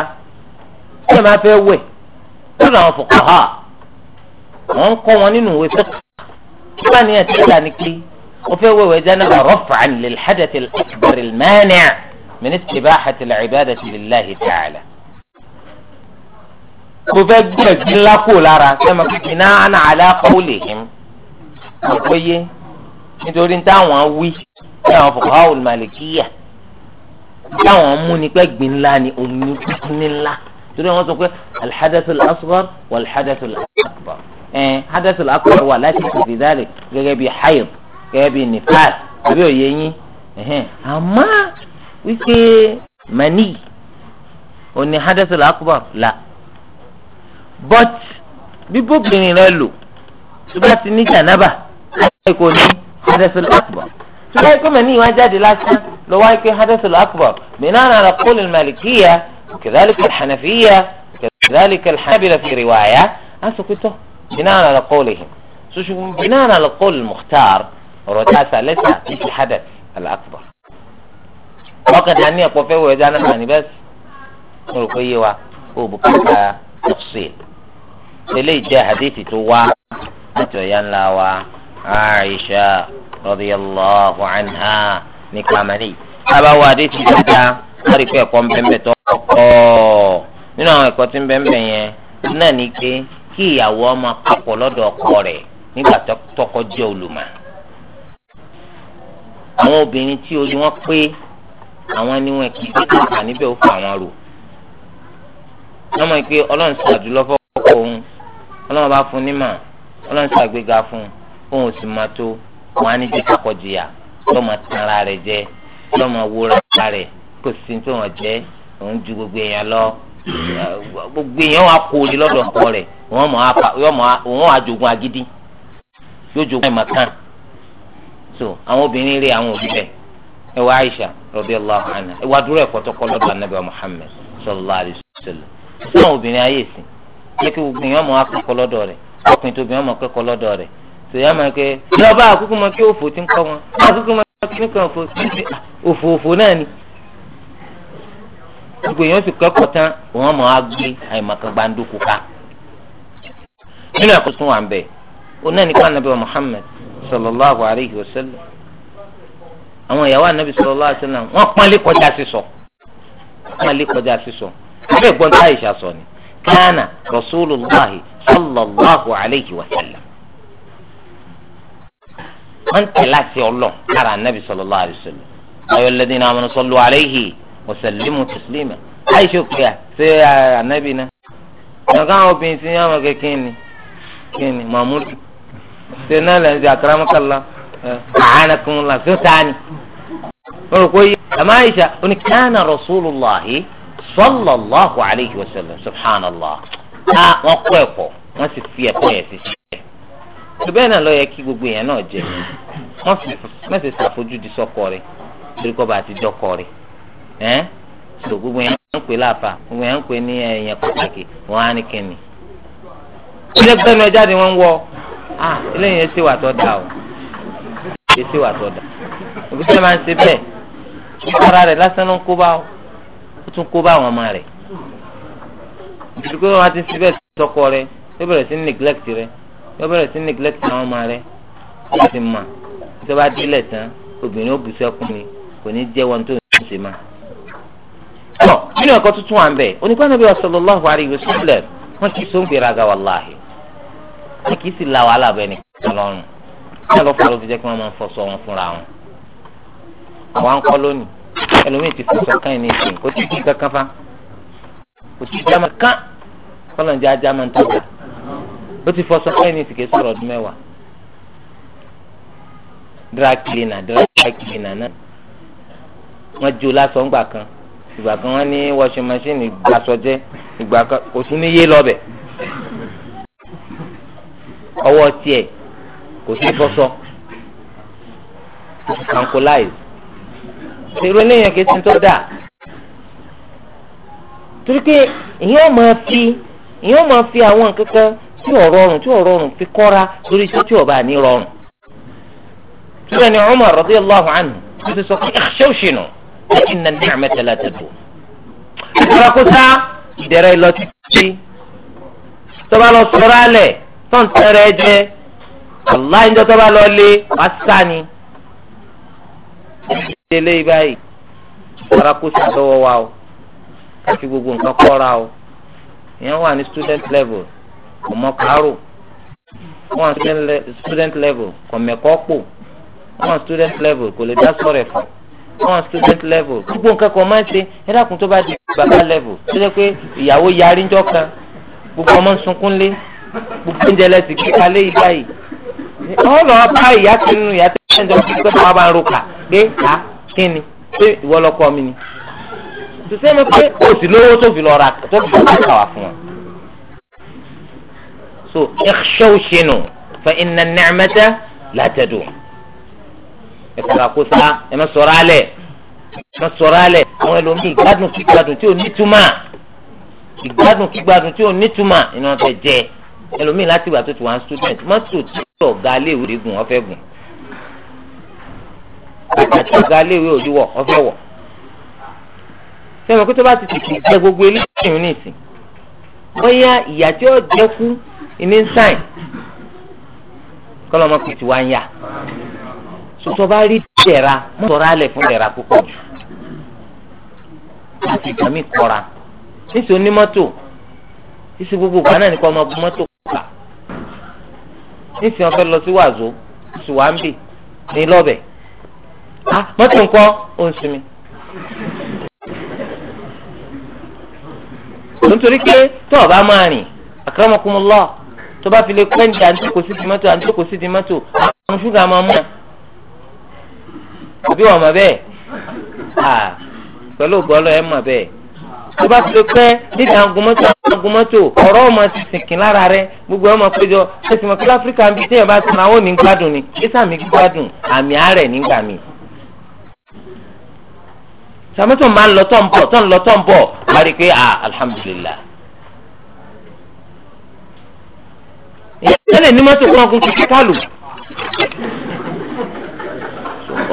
tí ẹ máa fẹ́ wẹ̀ lọ́dọ̀ àwọn fòkàn ha wọ́n ń kọ́ wọn nínú ìwé fẹ́kọ̀ kí wọ́n ní ẹ̀ tí ó dà ní pé wọ́n fẹ́ wẹ̀wẹ̀ janaba raf'an lil hadath al akbar al mani' min istibahati al ibadati lillahi ta'ala mo fẹ́ gbé ẹ̀gbin ńlá kúrò lára sẹ́mi kìkì náà àná aláfọwọ́ lè hìm àgbóyé nítorí táwọn wí táwọn fòkàwọ́ màlìkíyà táwọn mú ni pé gbin ńlá ni òní ní ńlá torí wọn sọ pé alḥadathul asghar walḥadathul akbar ẹn hadathul akbar wà láti ṣèṣì dáre gẹ́gẹ́ bíi hayd gẹ́gẹ́ bíi nifas àbí òye yín àmọ́ wípé mani òní hadathul akbar la. but bíbóbìnrin rẹ lò tó bá ti ní jànábà láì kò ní hadathul akbar tó bá yẹ kó mẹ́ni ìwà jáde lásán lọ yẹ kó hadathul akbar bìnnà náà qawli al malikiya kìdálíkà hànàfíyà kìdálíkà hanabila fi riwaya a so pe asopitọ bìnnà náà hin sọ́sùn bìnnà náà qawl al-mukhtar ọ̀rọ̀ tá a sà lẹ́sà ní ti hadath al-akbar ọkàn dání ẹ̀pọ̀ fẹ́ wọ ẹja náà níbẹ̀ mo rò pé yé wa ó bu bùkátà tafsir eléyìí jẹ́ hadithi tó wá láti ọ̀yá ńlá wa Aisha radiyallahu anha ní kàmáni sábà wà hadithi dáadáa wọ́n rí pé ẹ̀kọ́ ńbẹ́ńbẹ́ tó kọ́ nínú àwọn ẹ̀kọ́ tí ńbẹ́ńbẹ́ yẹn náà ní pé kí ìyàwó ọmọ papọ̀ lọ́dọ̀ ọkọ rẹ̀ nígbà tọkọ jẹ́ olùmọ̀ àwọn obìnrin tí orí wọn pé àwọn ni wọn kì í gbé kàkà níbẹ̀ ó fà wọn rò wọ́n mọ̀ pé ọlọ́run ṣe àdúrà fọ́kọ̀ òun ọlọ́run bá fún nímà ọlọ́run ṣe àgbéga fún òun ò sì máa tó wọn á ní jẹ́ kakọ̀jìyà lọ́ máa tan ara rẹ̀ jẹ lọ́ máa wo ara rẹ̀ kò sí tó wọn jẹ́ òun ju gbogbo èèyàn lọ gbogbo èèyàn wà kó o lè lọ́dọ̀ ọkọ rẹ̀ òun á jogun agídí yóò jogun ẹ̀mọ̀ kan so àwọn obìnrin rí àwọn òbí bẹ́ẹ̀ ẹ Aisha radiyallahu Allah ẹ wá dúró ẹ̀kọ́ tó kọ́ lọ́dọ̀ anabi Muhammad sallallahu alayhi wa sallam. fún obìnrin ayé sí jẹ́ kí gbogbo èèyàn mọ̀ akẹ́kọ̀ọ́ lọ́dọ̀ rẹ̀ ọkùnrin tóbi wọn mọ̀ akẹ́kọ̀ọ́ lọ́dọ̀ rẹ̀ tòyá máa ké lọ́ba àkúkú mọ kí òfò ti ń kọ́ wọn mọ kí ní kan ah, òfò òfò náà ni gbogbo èèyàn sì kẹ́kọ̀ọ́ tán gbé àyèmọ̀kan ká nínú ń bẹ̀ náà ní ká sallallahu alayhi wa sallam àwọn ìyàwó sallallahu alayhi wa sallam wọ́n kọjá abẹ́ ẹ̀gbọ́n tí Aisha sọ ni kana Rasulullahi sallallahu alayhi wa sallam wọ́n tẹ̀lé àti ọlọ́ lára anabi sallallahu alayhi wa sallam ayọ̀ alladhina amanu sallu alayhi wa sallimu tasilima Aisha òkè à ṣé anabi náà ẹ̀ka àwọn obìnrin ti ní àwọn kékeré ni kékeré ni mahmud ṣe náà lẹ́yìn ti àkàràmọ́kànlá àánàkùnlá ṣé ó ta ni. wọ́n rò pé àmọ́ Aisha oníkànnà Rasulullahi. sallallahu alayhi wa sallam subhanallah a wọn kọ ẹ̀kọ́ wọn sì fi ẹ̀kọ́ yẹn ti ṣe bẹ́ẹ̀ náà ló yẹ kí gbogbo yẹn náà jẹ wọn sì mẹsẹ ṣàfojúdi sọkọ rẹ torí kọ bá ti dọkọ rẹ ẹ so gbogbo yẹn ń pè láàfà gbogbo yẹn ń pè ní ẹyẹn pàtàkì wọn á ní kẹni. ilé gbẹ́nu ẹ jáde wọ́n ń wọ ah eléyìí ẹ ṣe wà tó dáa o ẹ ṣe wà tó dáa òbí sẹ́ẹ̀ máa ń ṣe bẹ́ẹ̀ ìtara rẹ̀ lásán ló ń kó bá o ó tún kó bá àwọn ọmọ rẹ̀ nítorí pé wọ́n ti ṣe bẹ́ẹ̀ sọ́kọ rẹ̀ yóò bẹ̀rẹ̀ sí neglect rẹ̀ yóò bẹ̀rẹ̀ sí neglect àwọn ọmọ rẹ̀ wọ́n ti mà tó bá délẹ̀ tán obìnrin ó bù sẹ́kùn ni kò ní jẹ́ wọn tó ń ṣe mà. ọ̀ nínú ẹ̀kọ́ tuntun à ń bẹ̀ onípàdé bíi sallallahu alaihi wasallam wọ́n ti so ń gbéraga wàláhì wọ́n kì í sì la wàhálà bẹ́ẹ̀ nìkan lọ́rùn ẹlòmíì ti fi sọ̀kan ẹ̀ ní ìsìn kò tí ì di kankan fa kò tí ì jáma kán kọ́lọ̀njẹ́ ajáma ń tọ́jà ó ti fọ sọ̀kan ẹ̀ ní ìsìn kì í sọ̀rọ̀ ọdún mẹ́wàá dry cleaner dry cleaner náà wọ́n jó lásán gbà kan ìgbà kan wọ́n ní washing machine ìgbàsọ̀jẹ́ ìgbà kan kò sí ní yé lọ́bẹ̀ ọwọ́ tiẹ̀ kò sí fọ́sọ́ kankulize èrò eléyàn kì í sin tó dà torí pé ìyẹn ò máa fi ìyẹn ò máa fi àwọn kankan tí ò rọrùn tí ò rọrùn fi kọ́ra lórí iṣẹ́ tí ò bá ní rọrùn. síbẹ̀ ni Umar radiyallahu anhu ó ti sọ pé ikhshawshinu fa inna an-ni'mata la tadum. ìtura kó sá ìdẹ̀rẹ̀ lọ títí tọ́ba lọ sọ̀rọ̀ alẹ̀ tọ́ǹtẹ̀rẹ̀ jẹ́ aláìjọ́ tọ́ba lọ lé wá sáni délé báyìí ara kó sí àtọwọ́ wa o ká fi gbogbo nǹkan kọ́ra o ìyẹn wà ní student level kò mọ kárò wọ́n student level kò mẹ́kọ́ pò wọ́n student level kò lè dá sọ̀rọ̀ ẹ̀fọ́ wọ́n student level gbogbo nǹkan kan máa ń ṣe ẹ dákun tó bá di bàbá level tó jẹ́ pé ìyàwó yarí ńjọ́ kan gbogbo ọmọ ń sunkún lé gbogbo oúnjẹ lẹ́sìn kíkà lé ìgbà yìí wọ́n lọ́ọ́ bá ìyá tó nínú ìyá tó ń jọ kí pé wọ́n bá ń ro kà pé kà kí ni pé ìwọ lọkọ mi ni ṣiṣẹ́ mi pé kò sí lówó tó fi lọ ra tó fi lọ ra wà fún wa. so ikhshawshinu fa inna an-ni'mata la tadum. ẹ fara kó sá ẹ má sọ̀rọ̀ alẹ̀ ẹ sọ̀rọ̀ alẹ̀ àwọn ẹlòmíì ìgbádùn kí ìgbádùn tí ò ní túmọ̀ ìgbádùn kí ìgbádùn tí ò ní túmọ̀ iná fẹ́ jẹ ẹlòmíì láti ìgbà tó ti wà ń student mọ́tò tí ọ̀gá aléwòrán gùn bàtà tí ọ̀gá léwé òdi wọ̀ ọ̀fẹ́ wọ̀ sẹ́wọ̀n kótó bá ti tìkì jẹ gbogbo eléyìí ní ìsìn bóyá ìyá tí ó jẹ́kú ní sáìn kọ́lọ́mọ kò ti wá ń yà sọ̀tọ̀ bá rí dẹ̀ra mọ́tọ́ra lẹ̀ fún dẹ̀ra púpọ̀ jù láti ìgbà mi kọ́ra níṣẹ́ onímọ́tò níṣẹ́ gbogbo ìgbà náà nìkan ọmọ mọ́tò kọ́ra níṣẹ́ wọn fẹ́ lọ sí wàzó sùwàǹbì ní lọ́bẹ̀ẹ́. Ah, mọ́tò ńkọ́ ó ń sinmi. nítorí pé tó o bá máa rìn akramakumullah tó bá fi lè pẹ́ ní àǹtíkò sí di mọ́tò àǹtíkò sí di mọ́tò àwọn ṣúgà máa mú un. àbí wọ́n mọ̀ bẹ́ẹ̀ pẹ̀lú ògbọ́lọ́ ẹ̀ mọ̀ bẹ́ẹ̀ tó bá fi lè pẹ́ nídìí àgùn mọ́tò àgùn mọ́tò ọ̀rọ̀ ọmọ ti sìnkìn lára rẹ gbogbo ọmọ péjọ ẹsìn mọ́tò áfíríkà ń bí téèyàn bá ti máa wọ́n ní gbádùn ni kí sàmì gbádùn àmì àárẹ̀ nígbà míì sàmútò máa ń lọ tó ń bọ̀ tó ń lọ tó ń bọ̀ wá rí i pé ah alhamdulilah. ìyẹn ní mọ́tò kan kún kìkì kálù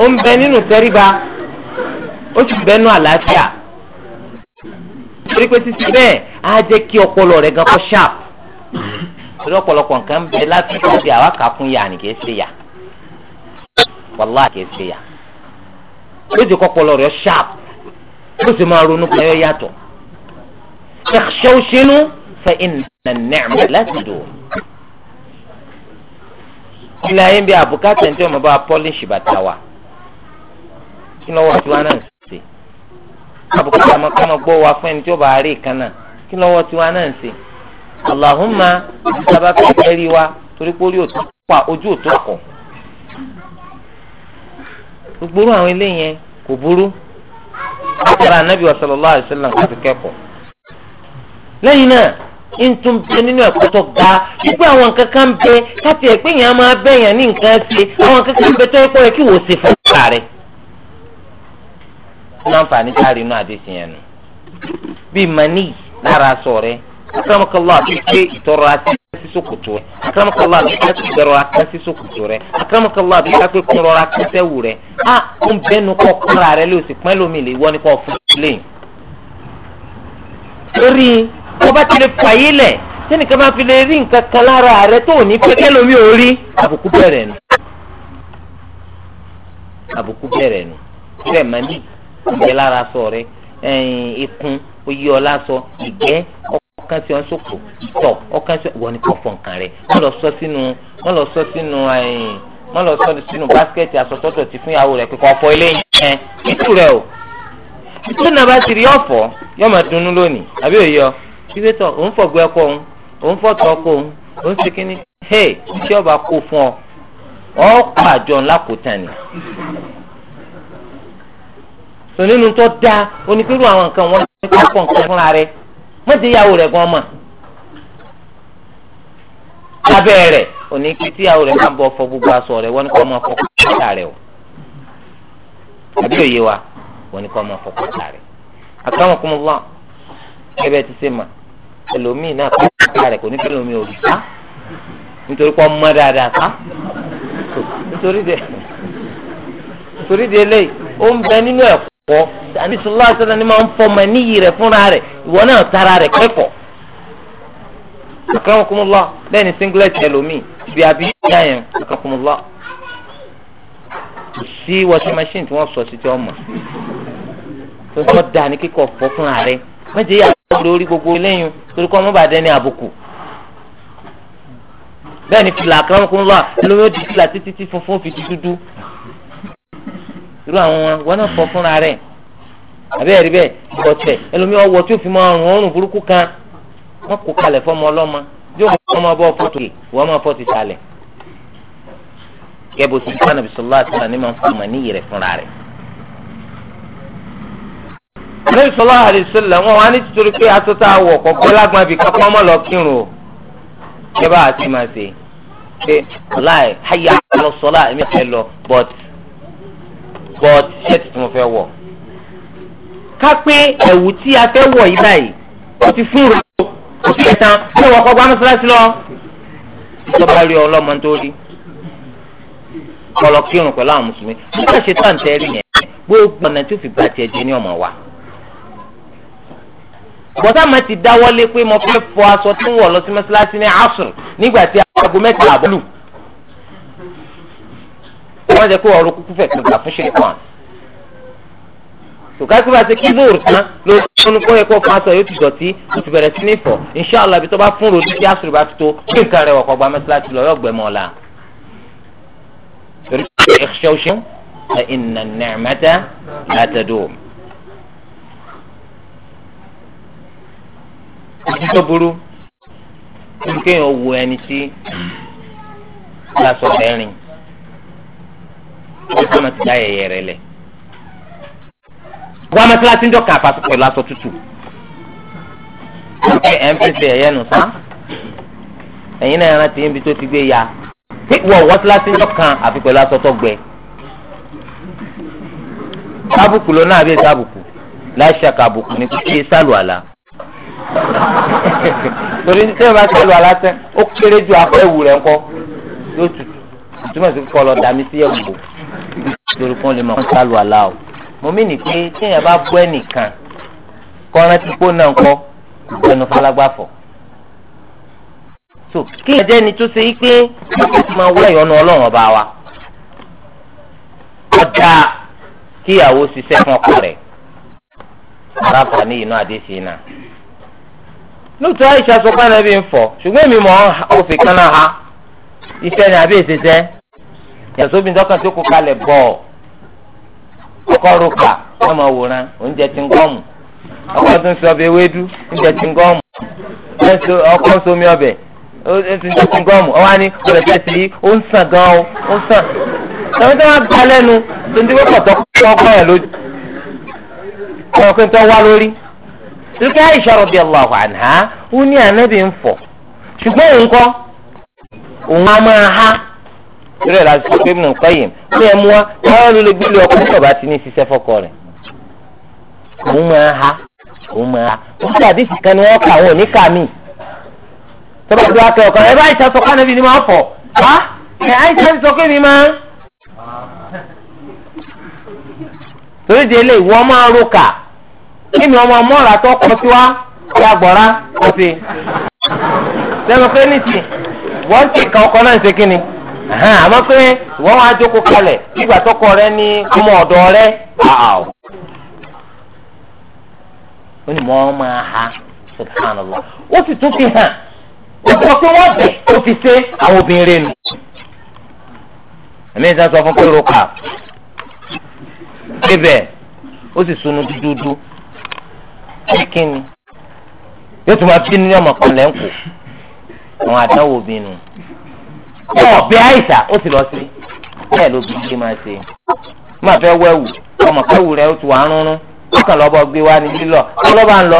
ó ń bẹ nínú tẹríba ó sì bẹnu àlàáfíà torí pé títí bẹ́ẹ̀ á jẹ́ kí ọpọlọ rẹ̀ gan kọ́ sharp torí ọ̀pọ̀lọpọ̀ nǹkan ń bẹ láti ṣe àwa fún yà ni kìí ṣe yà wàláà kìí ṣe yà lójú kọ́pọlọ rẹ̀ sharp ó sì máa ronú pé ẹ yàtọ̀ ṣẹ́ṣẹ́ṣẹ́nu fẹ́ ìnà nẹ́ẹ̀mẹ́ láti dò. ilé ayé ń bí àbùkátà ní tí wọ́n bá pọ́líṣì bàtà wa kí lọ́wọ́ tiwa náà ń ṣe àbùkátà máa kọ́ gbọ́ wa fún ẹni tí ó bá rí kan náà kí lọ́wọ́ tiwa náà ń ṣe. àlàhùnmá ìjọba fẹ́ẹ́ rí wa torí pé ojú òtún pọ̀ gbogbo àwọn eléyẹn kò burú látara anabi wa sallallahu alayhi wa sallam láti kẹ́kọ̀ọ́. lẹ́yìn náà ntun bẹ nínú ẹ̀kọ́ tó ga wípé àwọn kankan bẹ káfí ẹ̀ pé yẹn á máa bẹ̀ yẹn ní nǹkan ṣe àwọn kankan bẹ tó yẹ kí akramakallah àti pé ìtọrọ àti sí ṣòkòtò rẹ̀ akramakallah àti pé ìgbẹrọ àti sí ṣòkòtò rẹ̀ akramakallah àti pé kún rọra kún sẹwù rẹ̀ a ń bẹnu kọ kúnra rẹ̀ lè o sì pẹ́ lómi lè wọ́n ní kọ́ fún ilé. torí wọ́n bá ti lè fàyè lẹ̀ sẹ́nìkan máa fi lè rí nǹkan kan lára rẹ̀ tó ní pẹ́kẹ́ lómi ò rí àbùkù bẹ̀rẹ̀ nù. àbùkù bẹ̀rẹ̀ nù bẹ́ẹ̀ máa ní ìgbẹ́ lára sọ rẹ̀ ikun oyè ọlá sọ ìgbẹ́ ọkàn sí ọsọkò tọ ọkàn sí wọn ni kò fọ nǹkan rẹ wọn lọ sọ sínú wọn lọ sọ sínú wọn lọ sọ sínú báskẹ̀tì asọ̀tọ̀tọ̀ ti fún ìyàwó rẹ pé kò fọ eléyìí ẹ ìtú rẹ o ìtú náà bá ti rí ọ̀fọ̀ yóò máa dunnú lónìí àbí òye ọ ìwé tọ òun fọgbọ ẹkọ òun òun fọtọ ọkọ òun òun ṣe kínní hey iṣẹ́ ọba kó fún ọ ọ pàjọ ńlá kò tán ni sọ nínú tó dáa onípẹ̀rù àwọn nǹkan wọn ní kọ́kọ́ nǹkan fúnra rẹ̀ mọ̀tẹ́ ìyàwó rẹ̀ gan mọ̀ abẹ́ rẹ̀ òní kí tíyàwó rẹ̀ máa bọ̀ fọ gbogbo aṣọ rẹ̀ wọ́n ní kọ́ máa fọ kọ́tà rẹ̀ o àbí òye wa wọ́n ní kọ́ máa fọ kọ́tà rẹ̀ àkàwọn kọ́mọ lọ́n ẹbẹ̀ ti ṣe mà ẹlòmíì náà kọ́tà rẹ̀ kò ní kí lómi ò rí sá nítorí pọ́ mọ́ dáadáa sá nítorí dé nítorí dé lẹ́yìn ó ń bẹ nínú ẹ̀kọ́ kọ́ tàbí sọlá sọlá ni máa ń fọmọ níyì rẹ̀ fúnra rẹ̀ ìwọ náà tara rẹ̀ kẹ́kọ̀ọ́. akramakumullah bẹ́ẹ̀ ni singlet ẹlòmíì ibi àbí yíyá yẹn akramakumullah kò sí washing machine tí wọ́n sọ sí tí wọ́n mọ̀ tó ń tọ́ da ní kíkọ́ fọ́ fúnra rẹ̀ méje yà á lọ orí gbogbo eléyìn torí kọ́ mọ́ba dẹ́ni àbùkù bẹ́ẹ̀ ni fìlà akramakumullah ẹlòmíì ó di fìlà títí funfun fi dúdú irú àwọn wọn wọn náà fọ fúnra rẹ̀ àbẹ́ ẹ̀rí bẹ́ẹ̀ bọ̀tẹ̀ ẹlòmíì ọwọ́ tí ó fi máa rùn ọrùn burúkú kan wọn kò kalẹ̀ fọmọ ọlọ́mọ yóò fọ ọmọ bọ́ fọ́tò kì wọ́n máa fọ́ ti sàlẹ̀ kẹ́bù sùnfàn nàbì sọlá àtúnà ní máa ń fọmọ níyì rẹ̀ fúnra rẹ̀. àlẹ́ ìsọlá àdìsílẹ̀ wọn wá ní títorí pé aṣọ tá a wọ̀ kọ̀ọ̀kọ́ lágbọ́n ibì kan pọ́nmọ́ lọ kírun o kẹ́bà àti màá ṣe pé ọ̀la ẹ̀ háyà lọ sọlá ẹ̀mí bọ́ ṣẹ́ẹ̀tì tí mo fẹ́ wọ̀ ká pé ẹ̀wù tí a fẹ́ wọ̀ yìí báyìí ó ti fún ìrò kò sí ẹ̀sán ó wọ̀ ọkọ̀ gbámúsíláṣí lọ ìjọba rí ọlọ́mọ tó rí kọlọ kírun pẹ̀lú àwọn mùsùlùmí nígbà ṣe tán tẹ́rì yẹn gbogbo ọ̀nà tó fi bá tiẹ̀ jẹ ní ọmọ wa. bọ́sá máa ti dáwọ́lé pé mo fẹ́ fọ aṣọ tí ń wọ̀ lọ sí mọ́ṣáláṣí ní asùn nígbà wọ́n jẹ́ kó ọ̀rọ̀ kúkú fẹ̀ kúkú fún ṣèkọ́n. tòkásí bá ti kí zoro ló ń kó yẹ kó fún aṣọ yóò ti dọ̀tí ó ti bẹ̀rẹ̀ sí ní fọ̀ inṣàlá ibi tó bá fún ròdì tí aṣọ ìbá ti tó kí nǹkan rẹ̀ wọ̀kọ̀ gba mẹ́sàlásì lọ yọ̀ gbẹ̀mọ̀ ọ̀la. torí pé ẹ̀ṣẹ̀ òṣèlú ẹ̀ ìnà nẹ̀ẹ̀mẹ́tẹ́ látẹ̀dọ̀. ojú tó burú kéèyàn wo ẹni tí kí sọ́mọ ti dá yẹyẹ rẹ lẹ̀. wọ́n á mọ́sálásí ń dọ̀kan àpàtì pẹ̀lú aṣọ tútù. ẹ ń pèsè ẹ̀yẹ nù sá ẹ̀yin náà rántí ibi tó ti gbé ya tí wọ́n wọ́sálásí ń dọ̀kan àfi pẹ̀lú aṣọ tó gbẹ. sábùkù ló náà bí sábùkù láṣà kàbùkù ní kí sálù àlà torí tí ẹ bá sálù àlà tẹ ó kéré ju afẹ́wù rẹ̀ ńkọ́ yóò tutù ìtumọ̀ sí kọ́ lọ dàmí sí ẹ̀wù torí kí wọ́n lè mọ̀ kó sálù àlá o mo mí nì pé téèyàn bá bọ́ ẹnìkan kọ́ran tí kó náà kọ́ ìgbẹ́nu falágbáfọ̀ so kí ìyàjẹ́ ni tó ṣe yí pé ó ti máa wọ ìyọnu ọlọ́run ọba wa ọjà kíyàwó ṣiṣẹ́ fún ọkọ rẹ̀ arákùnrin yìí náà àdéṣe náà lóòótọ́ àìsà sọ pé ẹnìyàn bí ń fọ̀ ṣùgbọ́n èmi mọ̀ ọ́ òfin kan náà ha iṣẹ́ ni àbí èsèṣẹ́ yàtọ̀bi dọ́kàn tó kú kalẹ̀ bọ̀ ọkọ̀rùkà wọ́n máa wòran oúnjẹ ti ń gọ́ọ̀mù ọkọ̀ tó ń sọ ọbẹ̀ ewédú oúnjẹ ti ń gọ́ọ̀mù ọkọ̀ ń somi ọbẹ̀ oúnjẹ ti ń gọ́ọ̀mù ọwọ́ o ó ń sàn tó wá gba lẹ́nu tó ń pọ̀tọ́ ọkọ̀ yẹn lójú ọkọ̀ n wá lórí. Sùkẹ́ Aisha radiyallahu anha ó ní ń fọ̀ ṣùgbọ́n ìrẹ̀ la sọ pé Ibn Qayyim ó yẹ mú wa káwọn ló lè gbélé ọkọ nígbà bá ti ní ṣiṣẹ́ fọkọ rẹ̀ òun máa ha òun máa ha wọ́n ti àdìsí kan ni wọ́n kà àwọn oníkà míì tọ́ba tó wá kẹ́ ọ̀kan ẹ bá ìṣà sọ kánà bí ni máa fọ̀ wá ẹ àìsàn sọ pé mi máa. torí de ilé ìwọ máa ro kà kí ni ọmọ mọ́ra tó kọ sí wa kí agbọ̀ra kọ sí. lẹ́nu pé nìsín wọ́n ti kan ọkọ náà ṣe kí ni. àmọ́ pé wọ́n wá jókòó kalẹ̀ nígbà tọkọ rẹ ní ọmọ ọ̀dọ́ rẹ àwọ̀. ó ní mọ́ máa ha ó sì tún fi hàn ó sọ pé wọ́n bẹ̀ ó fi ṣe àwọn obìnrin nù. ìsàn sọ fún pé roka ó sì sunu dúdúdú ní yóò tún máa bínú wọn ọbẹ àìsà ó ti lọ sí bẹ́ẹ̀ ló bí ilé máa ṣe má fẹ́ wẹwù ọmọ kẹwù rẹ ó ti wà á rúnrún ó kàn lọ bọ gbé wá ní lílọ ọlọ́ba ń lọ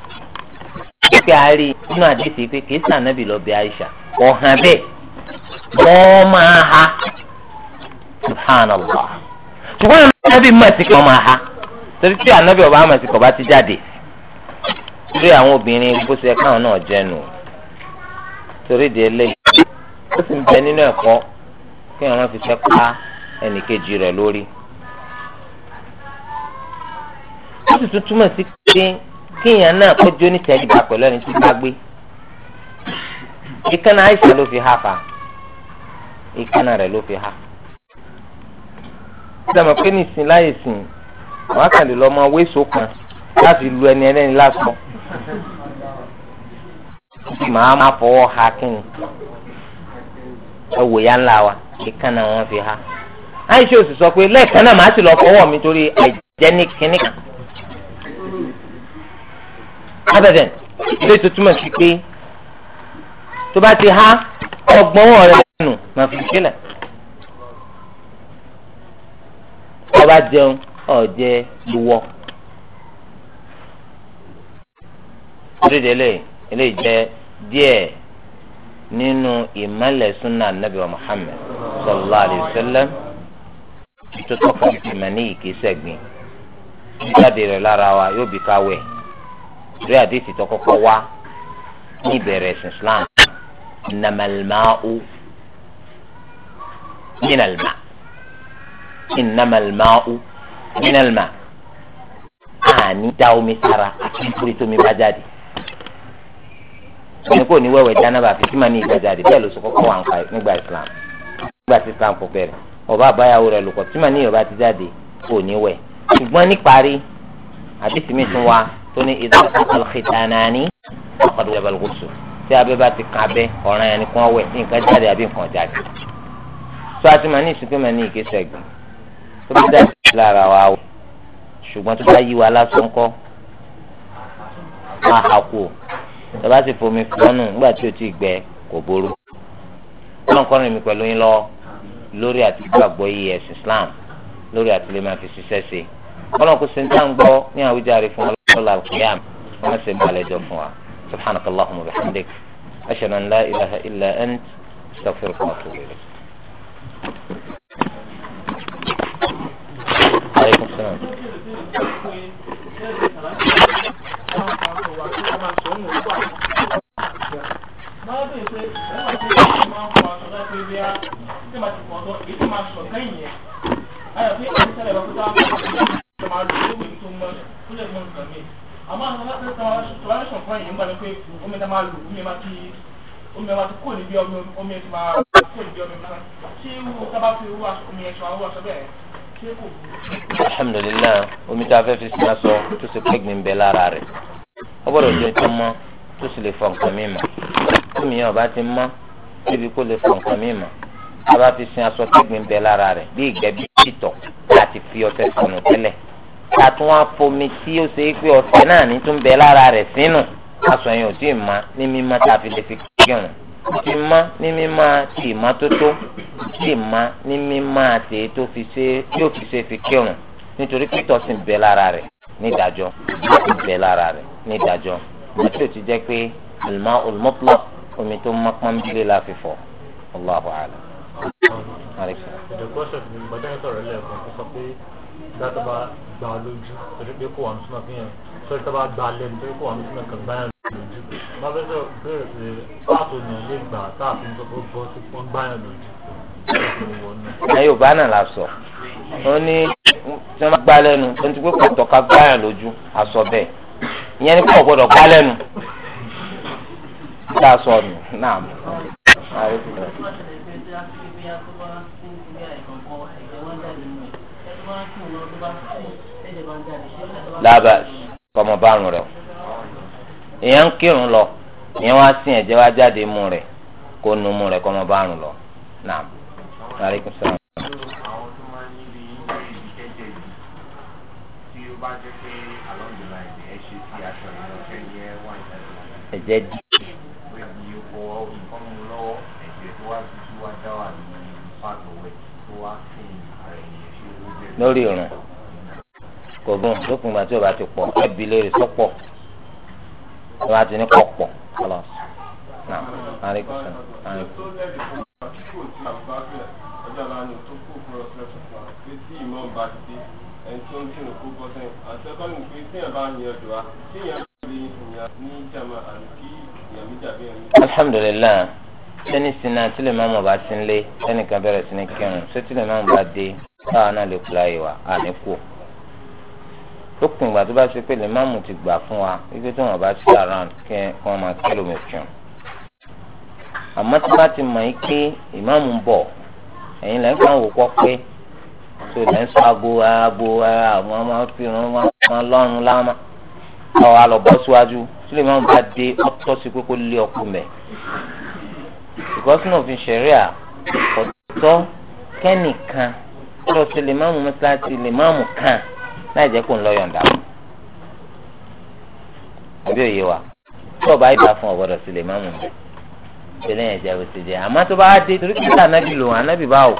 pípẹ́ àárí nínú àdéhìí pé kìí sànàbì lọ bí Aisha ọ̀hàn bẹ́ẹ̀ wọ́n máa ha subhanallah ṣùgbọ́n ànábì mọ̀síkì wọ́n máa ha torí tí ànábì ọba mọ̀síkì ọba ti jáde torí àwọn obìnrin bó ṣe káwọn náà jẹnu torí di eléyìí ó sì ń bẹ nínú ẹ̀kọ́ kí wọ́n fi fẹ́ pa ẹnìkejì rẹ̀ lórí ó sì tún túmọ̀ sí pé kíyàn náà kọjú onítẹ̀ríba pẹ̀lú ẹni tí bá gbé ìkànnà àìsàn ló fi ha fa ìkànnà rẹ̀ ló fi ha. sísèmọ̀ pé nìsín láyè sìn wọ́n á kàn lè lọ ọmọ wéṣọ kan láti lu ẹni ẹlẹ́ni lásán màá má fọwọ́ ha kíni ẹ wò ya ńlá wa ìkànnà wọn fi ha. àìsàn ò sì sọ pé lẹ́ẹ̀kan náà màá sì lọ fọwọ́ mi torí àìjẹ́ ní kíní abadan ilé tó túmọ̀ sí pé tó bá ti há ọgbọ́n wọn rẹ nù máa fi sílẹ̀ ọba jẹun ọ̀jẹ̀ ìwọ. orídẹ̀ẹ́lẹ̀ eléyìí jẹ́ díẹ̀ nínú ìmọ̀lẹ̀ súnà nàbì wa Muhammad sallallahu alayhi wa sallam tó tọ́ka ìmọ̀ ní ìkísẹ́gbìn jáde rẹ̀ lára wa yóò bí káwẹ̀ rí àdéhìí tó kọ́kọ́ wá ní ìbẹ̀rẹ̀ ẹ̀sìn Islam ìnàmàlmáwò mínàlmá ìnàmàlmáwò mínàlmá àní dá omi sára àti nítorí tómi bá jáde ẹni kò ní wẹ́wẹ́ jánábà àfi tí màá ní ìgbà jáde bẹ́ẹ̀ ló sọ kọ́kọ́ wà nígbà Islam nígbà tí Islam kò bẹ̀rẹ̀ ọba àbáyàwó rẹ̀ lùkọ̀ tí màá ní ìyọba ti jáde kò ní wẹ̀ ṣùgbọ́n níparí àdéhìí mi tún wá tó ní ìdókòtò xìtànàní ọkọdún ìjọba lùgùsù tí abẹ bá ti kàn abẹ ọ̀ràn yẹn ni kò wẹ̀ nǹkan jáde àbí nǹkan jáde tó a ti máa ní ìsìnkú máa ní ìgbésẹ̀ gbìn tó bí dáa ti lára wa wò ṣùgbọ́n tó bá yí wa lásán kọ́ máa hà kú o tó bá sì fomi fọ́nù nígbà tí o ti gbẹ kò ború ọlọ́run kọ́ rìn mí pẹ̀lú yín lọ lórí àti gbàgbọ́ yìí ẹ̀sìn Islam lórí àti lè máa fi ṣiṣẹ́ ṣe ọlọ́run kò sí ní tá à ń gbọ́ ní àwùjáre fún قبل القيام ونسلم على الجمعة سبحانك اللهم وبحمدك أشهد أن لا إله إلا أنت أستغفرك وأتوب إليك عليكم السلام Thank you. tó máa lò tó wíwí tó mọ tó lè mọ nǹkan mi àmọ́ àwọn aláṣẹ tó máa ṣàn fún ẹ̀yìn ń bá ní pé omi ẹ̀ máa lò omi ẹ̀ máa ti omi ẹ̀ máa ti kó níbi omi omi ẹ̀ ti máa kó níbi omi náà ṣé irú tábà fi irú omi ẹ̀ ṣọ àwọn aṣọ bẹ́ẹ̀ ṣé kò burú. alhamdulilayi omi tí a fẹ́ fi sin aṣọ tó ṣe pé gbìn bẹ́ẹ̀ lára rẹ̀ ó gbọ́dọ̀ jẹ́ tó mọ́ tó sì lè fọ nǹkan mi mọ́ omi yẹn ọba ti mọ́ síbi tàtún wá fomi tí ó ṣe é pé ọ̀sẹ̀ náà ní tún bẹ lára rẹ̀ sínú aṣọ yẹn ò tí ì má ní mímá tá a fi lè fi kírun ó ti má ní mímá ti ìmọ́tótó ó ti má ní mímá ti tó fi ṣe yóò fi ṣe fi kírun nítorí pé tọ́sìn bẹ lára rẹ̀ nídàjọ́ bẹ lára rẹ̀ nídàjọ́ àti òtí jẹ́ pé olùmọ́ olùmọ́pọ̀ omi tó má pọ́nbílé la fi fọ̀ Allahu a'lam. The question ni mo dáhùn sọ̀rọ̀ lẹ́ẹ̀kan tó sọ pé ìgbà tó bá gbà ọ lójú torí pé kò wà ní súnmọ́ fihàn sọ́rí tó bá gbà á lẹ́nu torí kò wà ní súnmọ́ kan gbáyàn lójú má fẹ́ sọ bẹ́ẹ̀ pé pàtó ni ilé gbà táàfin tó bọ́ sí fún gbáyàn lójú. ẹ yóò bá náà la sọ ó ní tí wọn bá gbá lẹ́nu ó ti pé kò tọ́ka gbáyàn lójú àsọ bẹ́ẹ̀ ìyẹn ni kò gbọ́dọ̀ gbá lẹ́nu tá a sọ nù náà lábàs kọmọ bárùn rẹ èèyàn ń kírun lọ èèyàn wá sí ẹ̀jẹ̀ wá jáde mú rẹ kó nu mú rẹ kọmọ bárùn lọ naam aleykum salaam. ẹ̀jẹ̀ di. ẹ̀jẹ̀ tó lórí ìrùn kò gùn lópin ìgbà tí o bá ti pọ̀ ẹbí lè rí sọ́pọ̀ o bá ti ní kọ́ pọ̀ kọlọ. alhamdulilayi sẹ́ni sinna tí lè má mọ̀ bá sí ń lé bẹ̀rẹ̀ sí ní lè má mọ̀ bá dé káwa náà lè kula yìí wa àní kù ó kùn ìgbà tó bá ṣe pé lèmáàmù ti gbà fún wa wípé tí wọn bá ṣe around kí wọn máa kẹlòmí fún un àmọ́ tí bá ti mọ̀ yín pé ìmáàmù ń bọ̀ ẹ̀yin lẹ́yìn kan wò kọ́ pé tó lẹ́ ń sọ agbo agbo àwọn ọmọ fìràn wọn lọ́rùn lámà ọ̀ alọ̀ bọ́ síwájú tí lèmáàmù bá dé ọtọ́ sí pé kó lé ọkùn mẹ́ ìkọ́sínà òfin ṣẹ̀ríà ọ̀tọ́ kẹ́nìkan lọ sí lèmọ́ọ̀mù mọ́sálásí lèmọ́ọ̀mù kan láì jẹ́ kó ń lọ yọ̀ǹda fún àbí òye wa tó o bá yíba fún ọ̀gbọ́dọ̀ sí lèmọ́ọ̀mù rẹ̀ ìpínlẹ̀ yẹn jẹ́ òsì jẹ́ àmọ́ tó bá dé torí kí sànábì lò ànábì báwò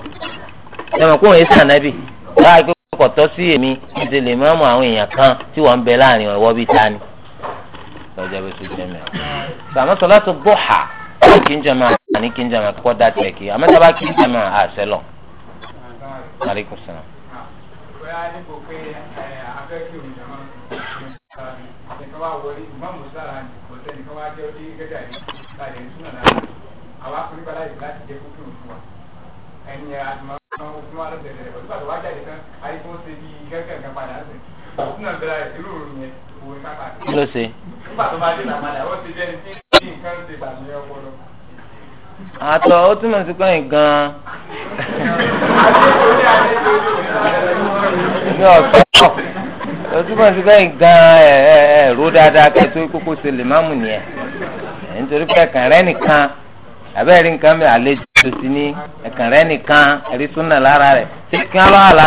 ẹ̀mọ̀ kó òye sànábì láà pé kò tọ́ sí èmi kí n ṣe lèmọ́ọ̀mù àwọn èèyàn kan tí wọ́n ń bẹ láàrin ọ̀wọ́ bíi tani lọ́jọ́ bó ṣe jẹ́ mẹ́rin sàmọ́ sọlá tó bọ̀ hà kí n jẹ́ máa ní kí n jẹ́ a bá aleykum salaam. bóyá nípò pé afẹ́kí òmìnira máa ń sọ ẹ̀ka wá wọlé ìmáàmù sára ní ọ̀sẹ̀ nìkan wá jẹ́ orí gẹ́gẹ́ àìní láti ẹ̀ túnà náà àwa kúrúkọ láti láti jẹ́ kókè òfin wa ẹni àtúmọ̀ òfin wa lọ́sẹ̀ rẹ̀ ọ̀sùn àti wájà ìkan àyíkó ṣe bí gẹ́gẹ́ nǹkan padà ṣe òfin náà bẹ̀rẹ̀ irú òrùn yẹn òwe kápá. kí ló ṣe. nígbà tó bá dé làmàlà ó ti jẹ́ ní atọ ó túmọ̀ sí gan ní ọ̀sán ó túmọ̀ sí gan-an dáadáa kẹ́tó kókó ṣe lè má mú nìyẹn nítorí pé ẹ̀kàn rẹ nìkan abẹ́rẹ́ nǹkan mi àlejò ní ẹ̀kàn rẹ nìkan ẹ̀rí súnà lára rẹ̀ kí wọ́n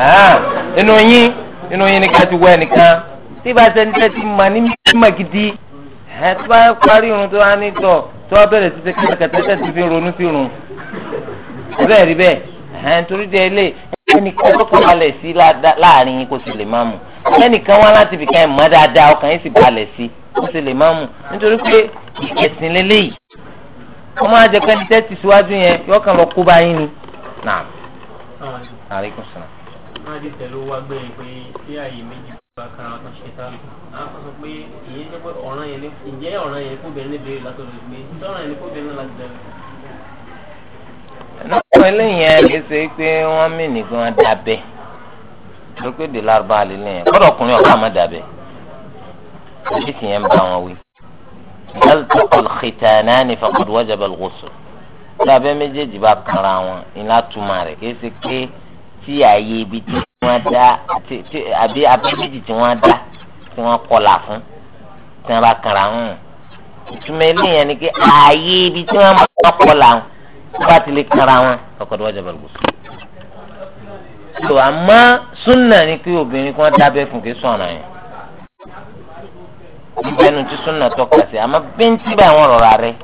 Ah, inú yín inú yín ti wọ ẹnìkan tí bá ṣe tẹ́ ti mà ní mímọ̀ ẹ tí wọ́n parí irun tó wá ní tọ̀ tí wọ́n bẹ̀rẹ̀ sí kẹ́tẹ́kẹ́tẹ́ tẹ́ ti fi ronú sí irun bẹ́ẹ̀ rí bẹ́ẹ̀ ẹ̀ nítorí dé ilé ẹnìkan tó kọ́ balẹ̀ sí láàrin yín sì lè má ẹnìkan wá láti ẹ̀ mọ́ dáadáa ọkàn yín sì balẹ̀ sí sì lè má májì tẹ̀lé wá gbẹ̀yìn pé tí ààyè méjì bá kára wọn ṣe tá a kọ́ sọ pé ìyẹn jẹ́ pé ọ̀ràn yẹn ní ǹjẹ́ ọ̀ràn yẹn fóbìnrin ní béèrè látọ̀dọ̀ ìgbé tọ́ràn yẹn ní fóbìnrin láti dẹ̀rẹ̀. náà eléyìí ẹ lè ṣe pé wọ́n mì nìkan dàbẹ̀ torí pé dè lárúbá àlélẹ́ yẹn kọ́dọ̀ ọkùnrin ọ̀gá má dàbẹ̀ èyí sì yẹn ń bá wọn wí. yàtọ̀ khitanani faqad wajaba al-ghusl sí ààyè ibi tí wọ́n dá àbí abẹ́lẹ́dì tí wọ́n dá tí wọ́n kọlà fún tí wọ́n bá kàrà ń hùn. ìtumọ̀ eléyàn ni pé ààyè ibi tí wọ́n bá kọlà ń tó bá ti lè kàrà wọn ọkọ̀dọ̀ wọ́n jẹ̀bẹ̀rẹ̀ gbòòsù. tó àmọ́ súnà ni pé obìnrin kan dábẹ́ fún kí sọ̀nà yẹn. ìbẹ́nu tí súnà tọ́ka sí àmọ́ bíntín bá àwọn ọ̀rọ̀ rẹ̀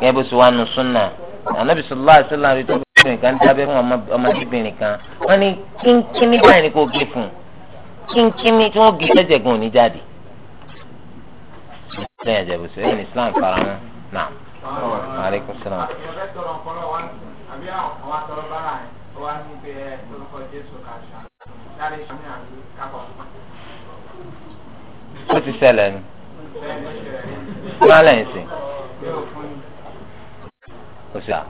kẹ́ bó ṣe súnà anabi sallallahu alaihi wasallam rí tó bìnrin kan dábẹ́ fún ọmọdébìnrin kan wọ́n ní kínkínní báyìí ni kò gé fún kínkínní tí wọ́n gé jẹ́jẹ̀gùn òní jáde. lẹ́yìn àjẹbù sí ẹ̀yìn islam fara wọn náà maaleykum salaam. ó ti ṣẹlẹ̀ ni. kí wọ́n á lẹ́yìn kò sí à.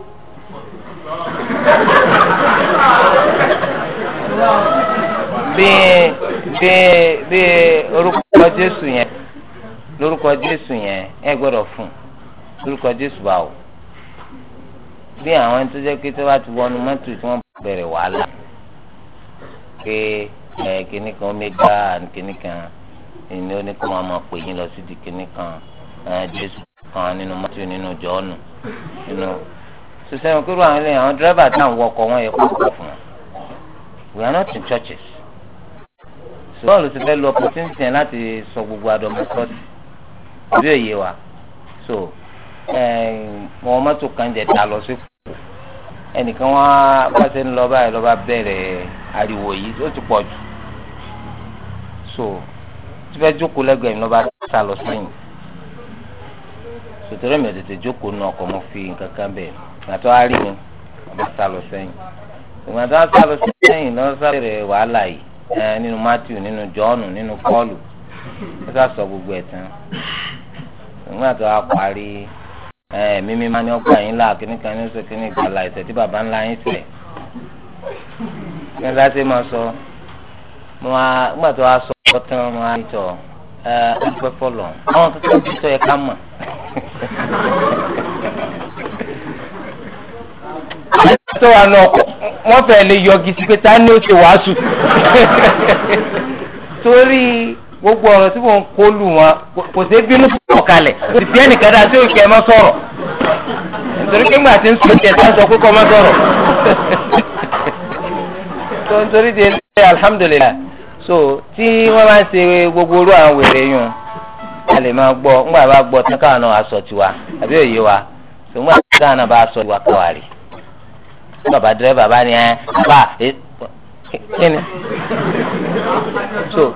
bí bí bí orúkọ Jésù yẹn lórúkọ Jésù yẹn ẹ gbọ́dọ̀ fún lórúkọ Jésù bá o bí àwọn tó jẹ́ pé tó bá ti wọnú mọ́tò tí wọ́n bẹ̀rẹ̀ wàhálà pé ẹ kìnnì kan omega and kìnnì kan ìní oníkùnmọ́ ọmọ pè yín lọ sí di kìnnì kan Jésù kan nínú mọ́tò nínú jọ́ọ̀nù sísẹ́ wọn kúrò àwọn ilé àwọn dírẹ́bà tí àwọn wọkọ̀ wọn yẹ kó kọ̀ fún wọn we are not in churches so bọ́ọ̀lù ti fẹ́ lu opportunity láti sọ gbogbo àdọ́mọ́sọ́ọ̀tì bí òye wa so wọn mọ́tò kan jẹ ta lọ sí kù ẹnìkan wọn bá ṣe ń lọ báyìí lọ́ba bẹ̀rẹ̀ ariwo yìí ó ti pọ̀ jù so tí fẹ́ jókòó lẹ́gbẹ̀ẹ́ mi lọ́ba sá lọ sẹ́yìn sotoro mi tètè jókòó nù ọkọ̀ mo fi nǹkan kan bẹ̀ gbàtọ́ á rí mi ọba sá lọ sẹ́yìn gbàtọ́ á sá lọ sẹ́yìn lọ́wọ́ sábẹ̀rẹ̀ wàhálà yìí ẹ nínú Matthew nínú Jọ́ọ̀nù nínú Pọ́ọ̀lù ó sá sọ gbogbo ẹ̀ tán gbàtọ́ á parí ẹ mímí máa ní ọgbà yín là kíní kan ní oṣù kíní ìgbàlà ìṣẹ̀ tí bàbá ńlá yín ṣẹ̀ ní ẹ̀dá sí máa sọ gbàtọ́ á sọ ọ́ tán wọn á ní tọ́ ẹ ọpẹ́ fọlọ́ àwọn kankan bí sọ yẹ ká mọ̀ tó wà nù ọkọ̀ wọ́n fẹ́ lè yọ gidi pé ta ni ó ti wàásù torí gbogbo ọ̀rọ̀ tí wọ́n kó lù wọn kò sí bínú tó kalẹ̀ kò sí ẹnìkan dáa tí òkè ẹ má sọ̀rọ̀ nítorí pé ńgbà tí ń sọ̀rọ̀ tẹ̀sán sọ pé kọ́ má sọ̀rọ̀ tó nítorí de alhamdulilayi so tí wọ́n bá ń ṣe gbogbo orú àwọn wèrè yùn. a lè máa gbọ́ ńgbà bá gbọ́ tán káwọn náà aṣọ tiwa àbí òye wa ṣùgbọ́n àti káwọn náà bá aṣọ tiwa káwa rè bàbá dírẹ́bà bá ní bá so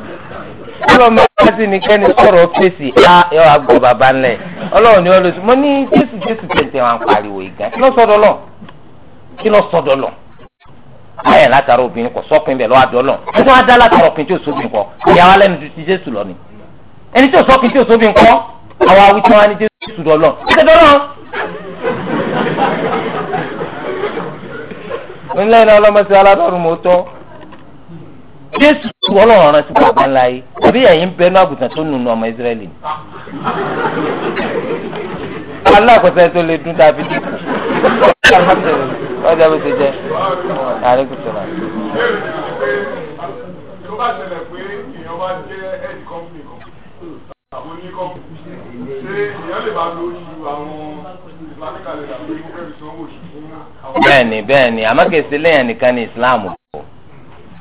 ọlọ́run bá sì ni kẹ́ni sọ̀rọ̀ fèsì á yọ àgbọ̀ bàbá ńlẹ̀ ọlọ́run ni ọlọ́run mo ní jésù jésù wọn pariwo ìgbà kí kí ayẹ̀ látara obìnrin lọ́wọ́ látara ọkùnrin tí ò sóbìnrin kọ ìyàwó alẹ́ nu ti jésù lọ ẹni tí o sọ kí tí o sọ bí nkọ àwọn awitọ wa ni jésù dọlọ ẹsẹ dọlọ. onílẹ̀ iná ọlọ́mọsí aládọ́rùn mọ́ tọ́ jésù ọlọ́run ọ̀ràn ti bàbá ńlá yìí àbí ẹ̀yin bẹ́ẹ̀ náà àgùntàn tó nùnú ọmọ ìsírẹ́lì ni. alákòóso tó lè dún dábì dìbò ọjà bó ti jẹ àrékùsọ̀rọ̀. tó bá ṣẹlẹ̀ pé èèyàn wá jẹ́ ẹ̀dì kọ́mpì àwọn oníkọ̀ọ̀kù ṣé èèyàn lè bá lo oṣù àwọn islamic calendar pé mo fẹ́ fi sanwó oṣù fún àwọn. bẹ́ẹ̀ni bẹ́ẹ̀ni àmọ́ kìí ṣe lẹ́yìn nìkan ní islam o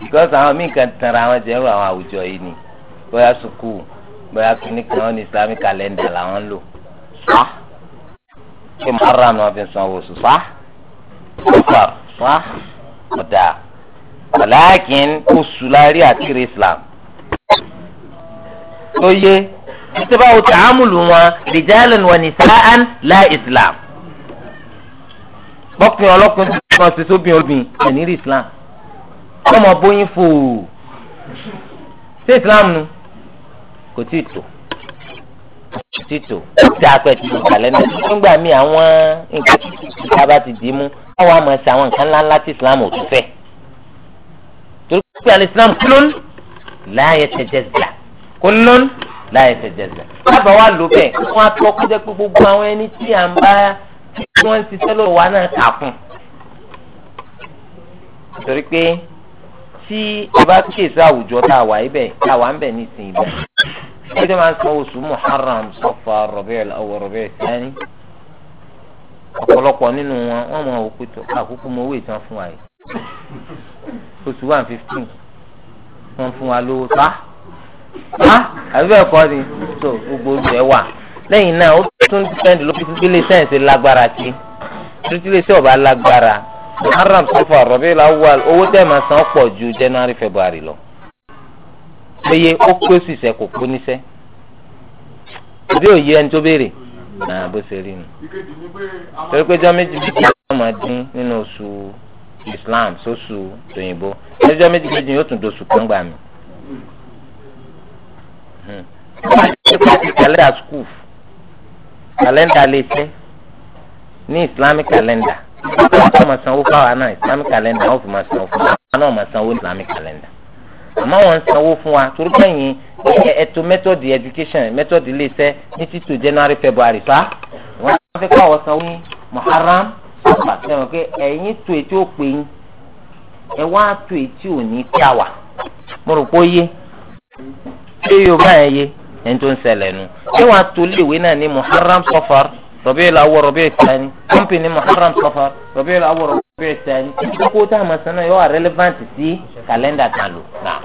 because àwọn míì kan tanra àwọn jẹrù àwọn àwùjọ yìí ni bóyá sukuu bóyá kìíní kan ní islamic calendar làwọn ń lò sá pé mọ́ra ni wọ́n fi sanwó oṣù sá ọ̀pá sá ọ̀dà ọ̀làkìn oṣù láàrin àti islam tó yé títí báwo tí àmúlù wọn rìjálìn wọn ní sáán lá islam bọ́kùnrin ọlọ́kùnrin tí wọ́n ti sóbìn obìn kò ní rí islam ọmọ bóyin fò ṣé islam nu kò tí ì tó kò tí ì tó dá apẹ̀ tí mo kà lẹ́nu nígbà míì àwọn nǹkan tí ìjọba bá ti dì í mú àwọn àmọ̀ ṣe àwọn nǹkan ńláńlá tí islam ò tún fẹ́ torí pé alẹ́ islam kúlón láàyè tẹ̀jẹ̀ zà kúlón láyé tẹ̀jẹ̀sẹ̀. lábàá wa lò bẹ́ẹ̀ wọ́n á tọ́ kọjá pé gbogbo àwọn ẹni tí à ń bá tí wọ́n ń ṣiṣẹ́ lọ́wọ́ wa náà kà fún. torí pé tí ẹ bá kíyèsí àwùjọ tá a wà ibẹ̀ tá a wà ń bẹ̀ nísìnyí bẹ́ẹ̀. ẹjọ́ máa ń sọ oṣù muharram sọ́fà rọ̀bẹ́ẹ̀lì ọ̀wọ̀ rọ̀bẹ́ẹ̀lì sani. ọ̀pọ̀lọpọ̀ nínú wọn wọ́n mọ òkú tó àkókò mọ owó ìtàn fún wa yìí. oṣù one fifteen wọ́n fún wa lówó sáà àbí bẹ́ẹ̀ kọ́ ni tó gbogbo rẹ̀ wà lẹ́yìn náà ó tún dìpẹ́ndì ló fi fi lè sẹ́ǹsì lágbára sí títí lè sẹ́ ọ̀bá lágbára haram sọfà rọ̀bì làwọ̀ owó tẹ̀ máa san pọ̀ ju january february lọ péye ó pé ó sì sẹ́ kò pé níṣẹ́ ìdí òye ẹni tó béèrè náà bó ṣe rí nu torí pé jọ́ méjì méjì yóò máa dín nínú oṣù islam sóṣù tòyìnbó ẹjọ́ méjì méjì yóò tún doṣù kọ́ngbà mi. calendar skul kàlẹ́ndà lè ní islamic calendar wọ́n ma sanwó fáwọn náà islamic calendar wọ́n fi máa sanwó fún wa náà sanwó islamic calendar àmọ́ wọ́n sanwó fún wa torí pẹ́yìn ẹ̀tọ́ method education method lè ní títò january february fa wọ́n fẹ́ kọ́ àwọn sanwó ní muharram sẹ́wọ̀n pé ẹ̀yin tó pè yín ẹ̀ wá tó ò ní kí a wà mo pé yorùbá yẹn yé ẹni tó ń ṣẹlẹ̀ nu ṣé wàá tó léèwé náà ní muharram sọfar rọ̀bí'ul awwal rọ̀bí'u thani kọ́mpì ní muharram sọfar rọ̀bí'ul awwal rọ̀bí'u thani kókó tá a mọ̀ sánà yóò wà rẹ́lẹ́fáǹtì sí kàlẹ́ndà kan lò náà.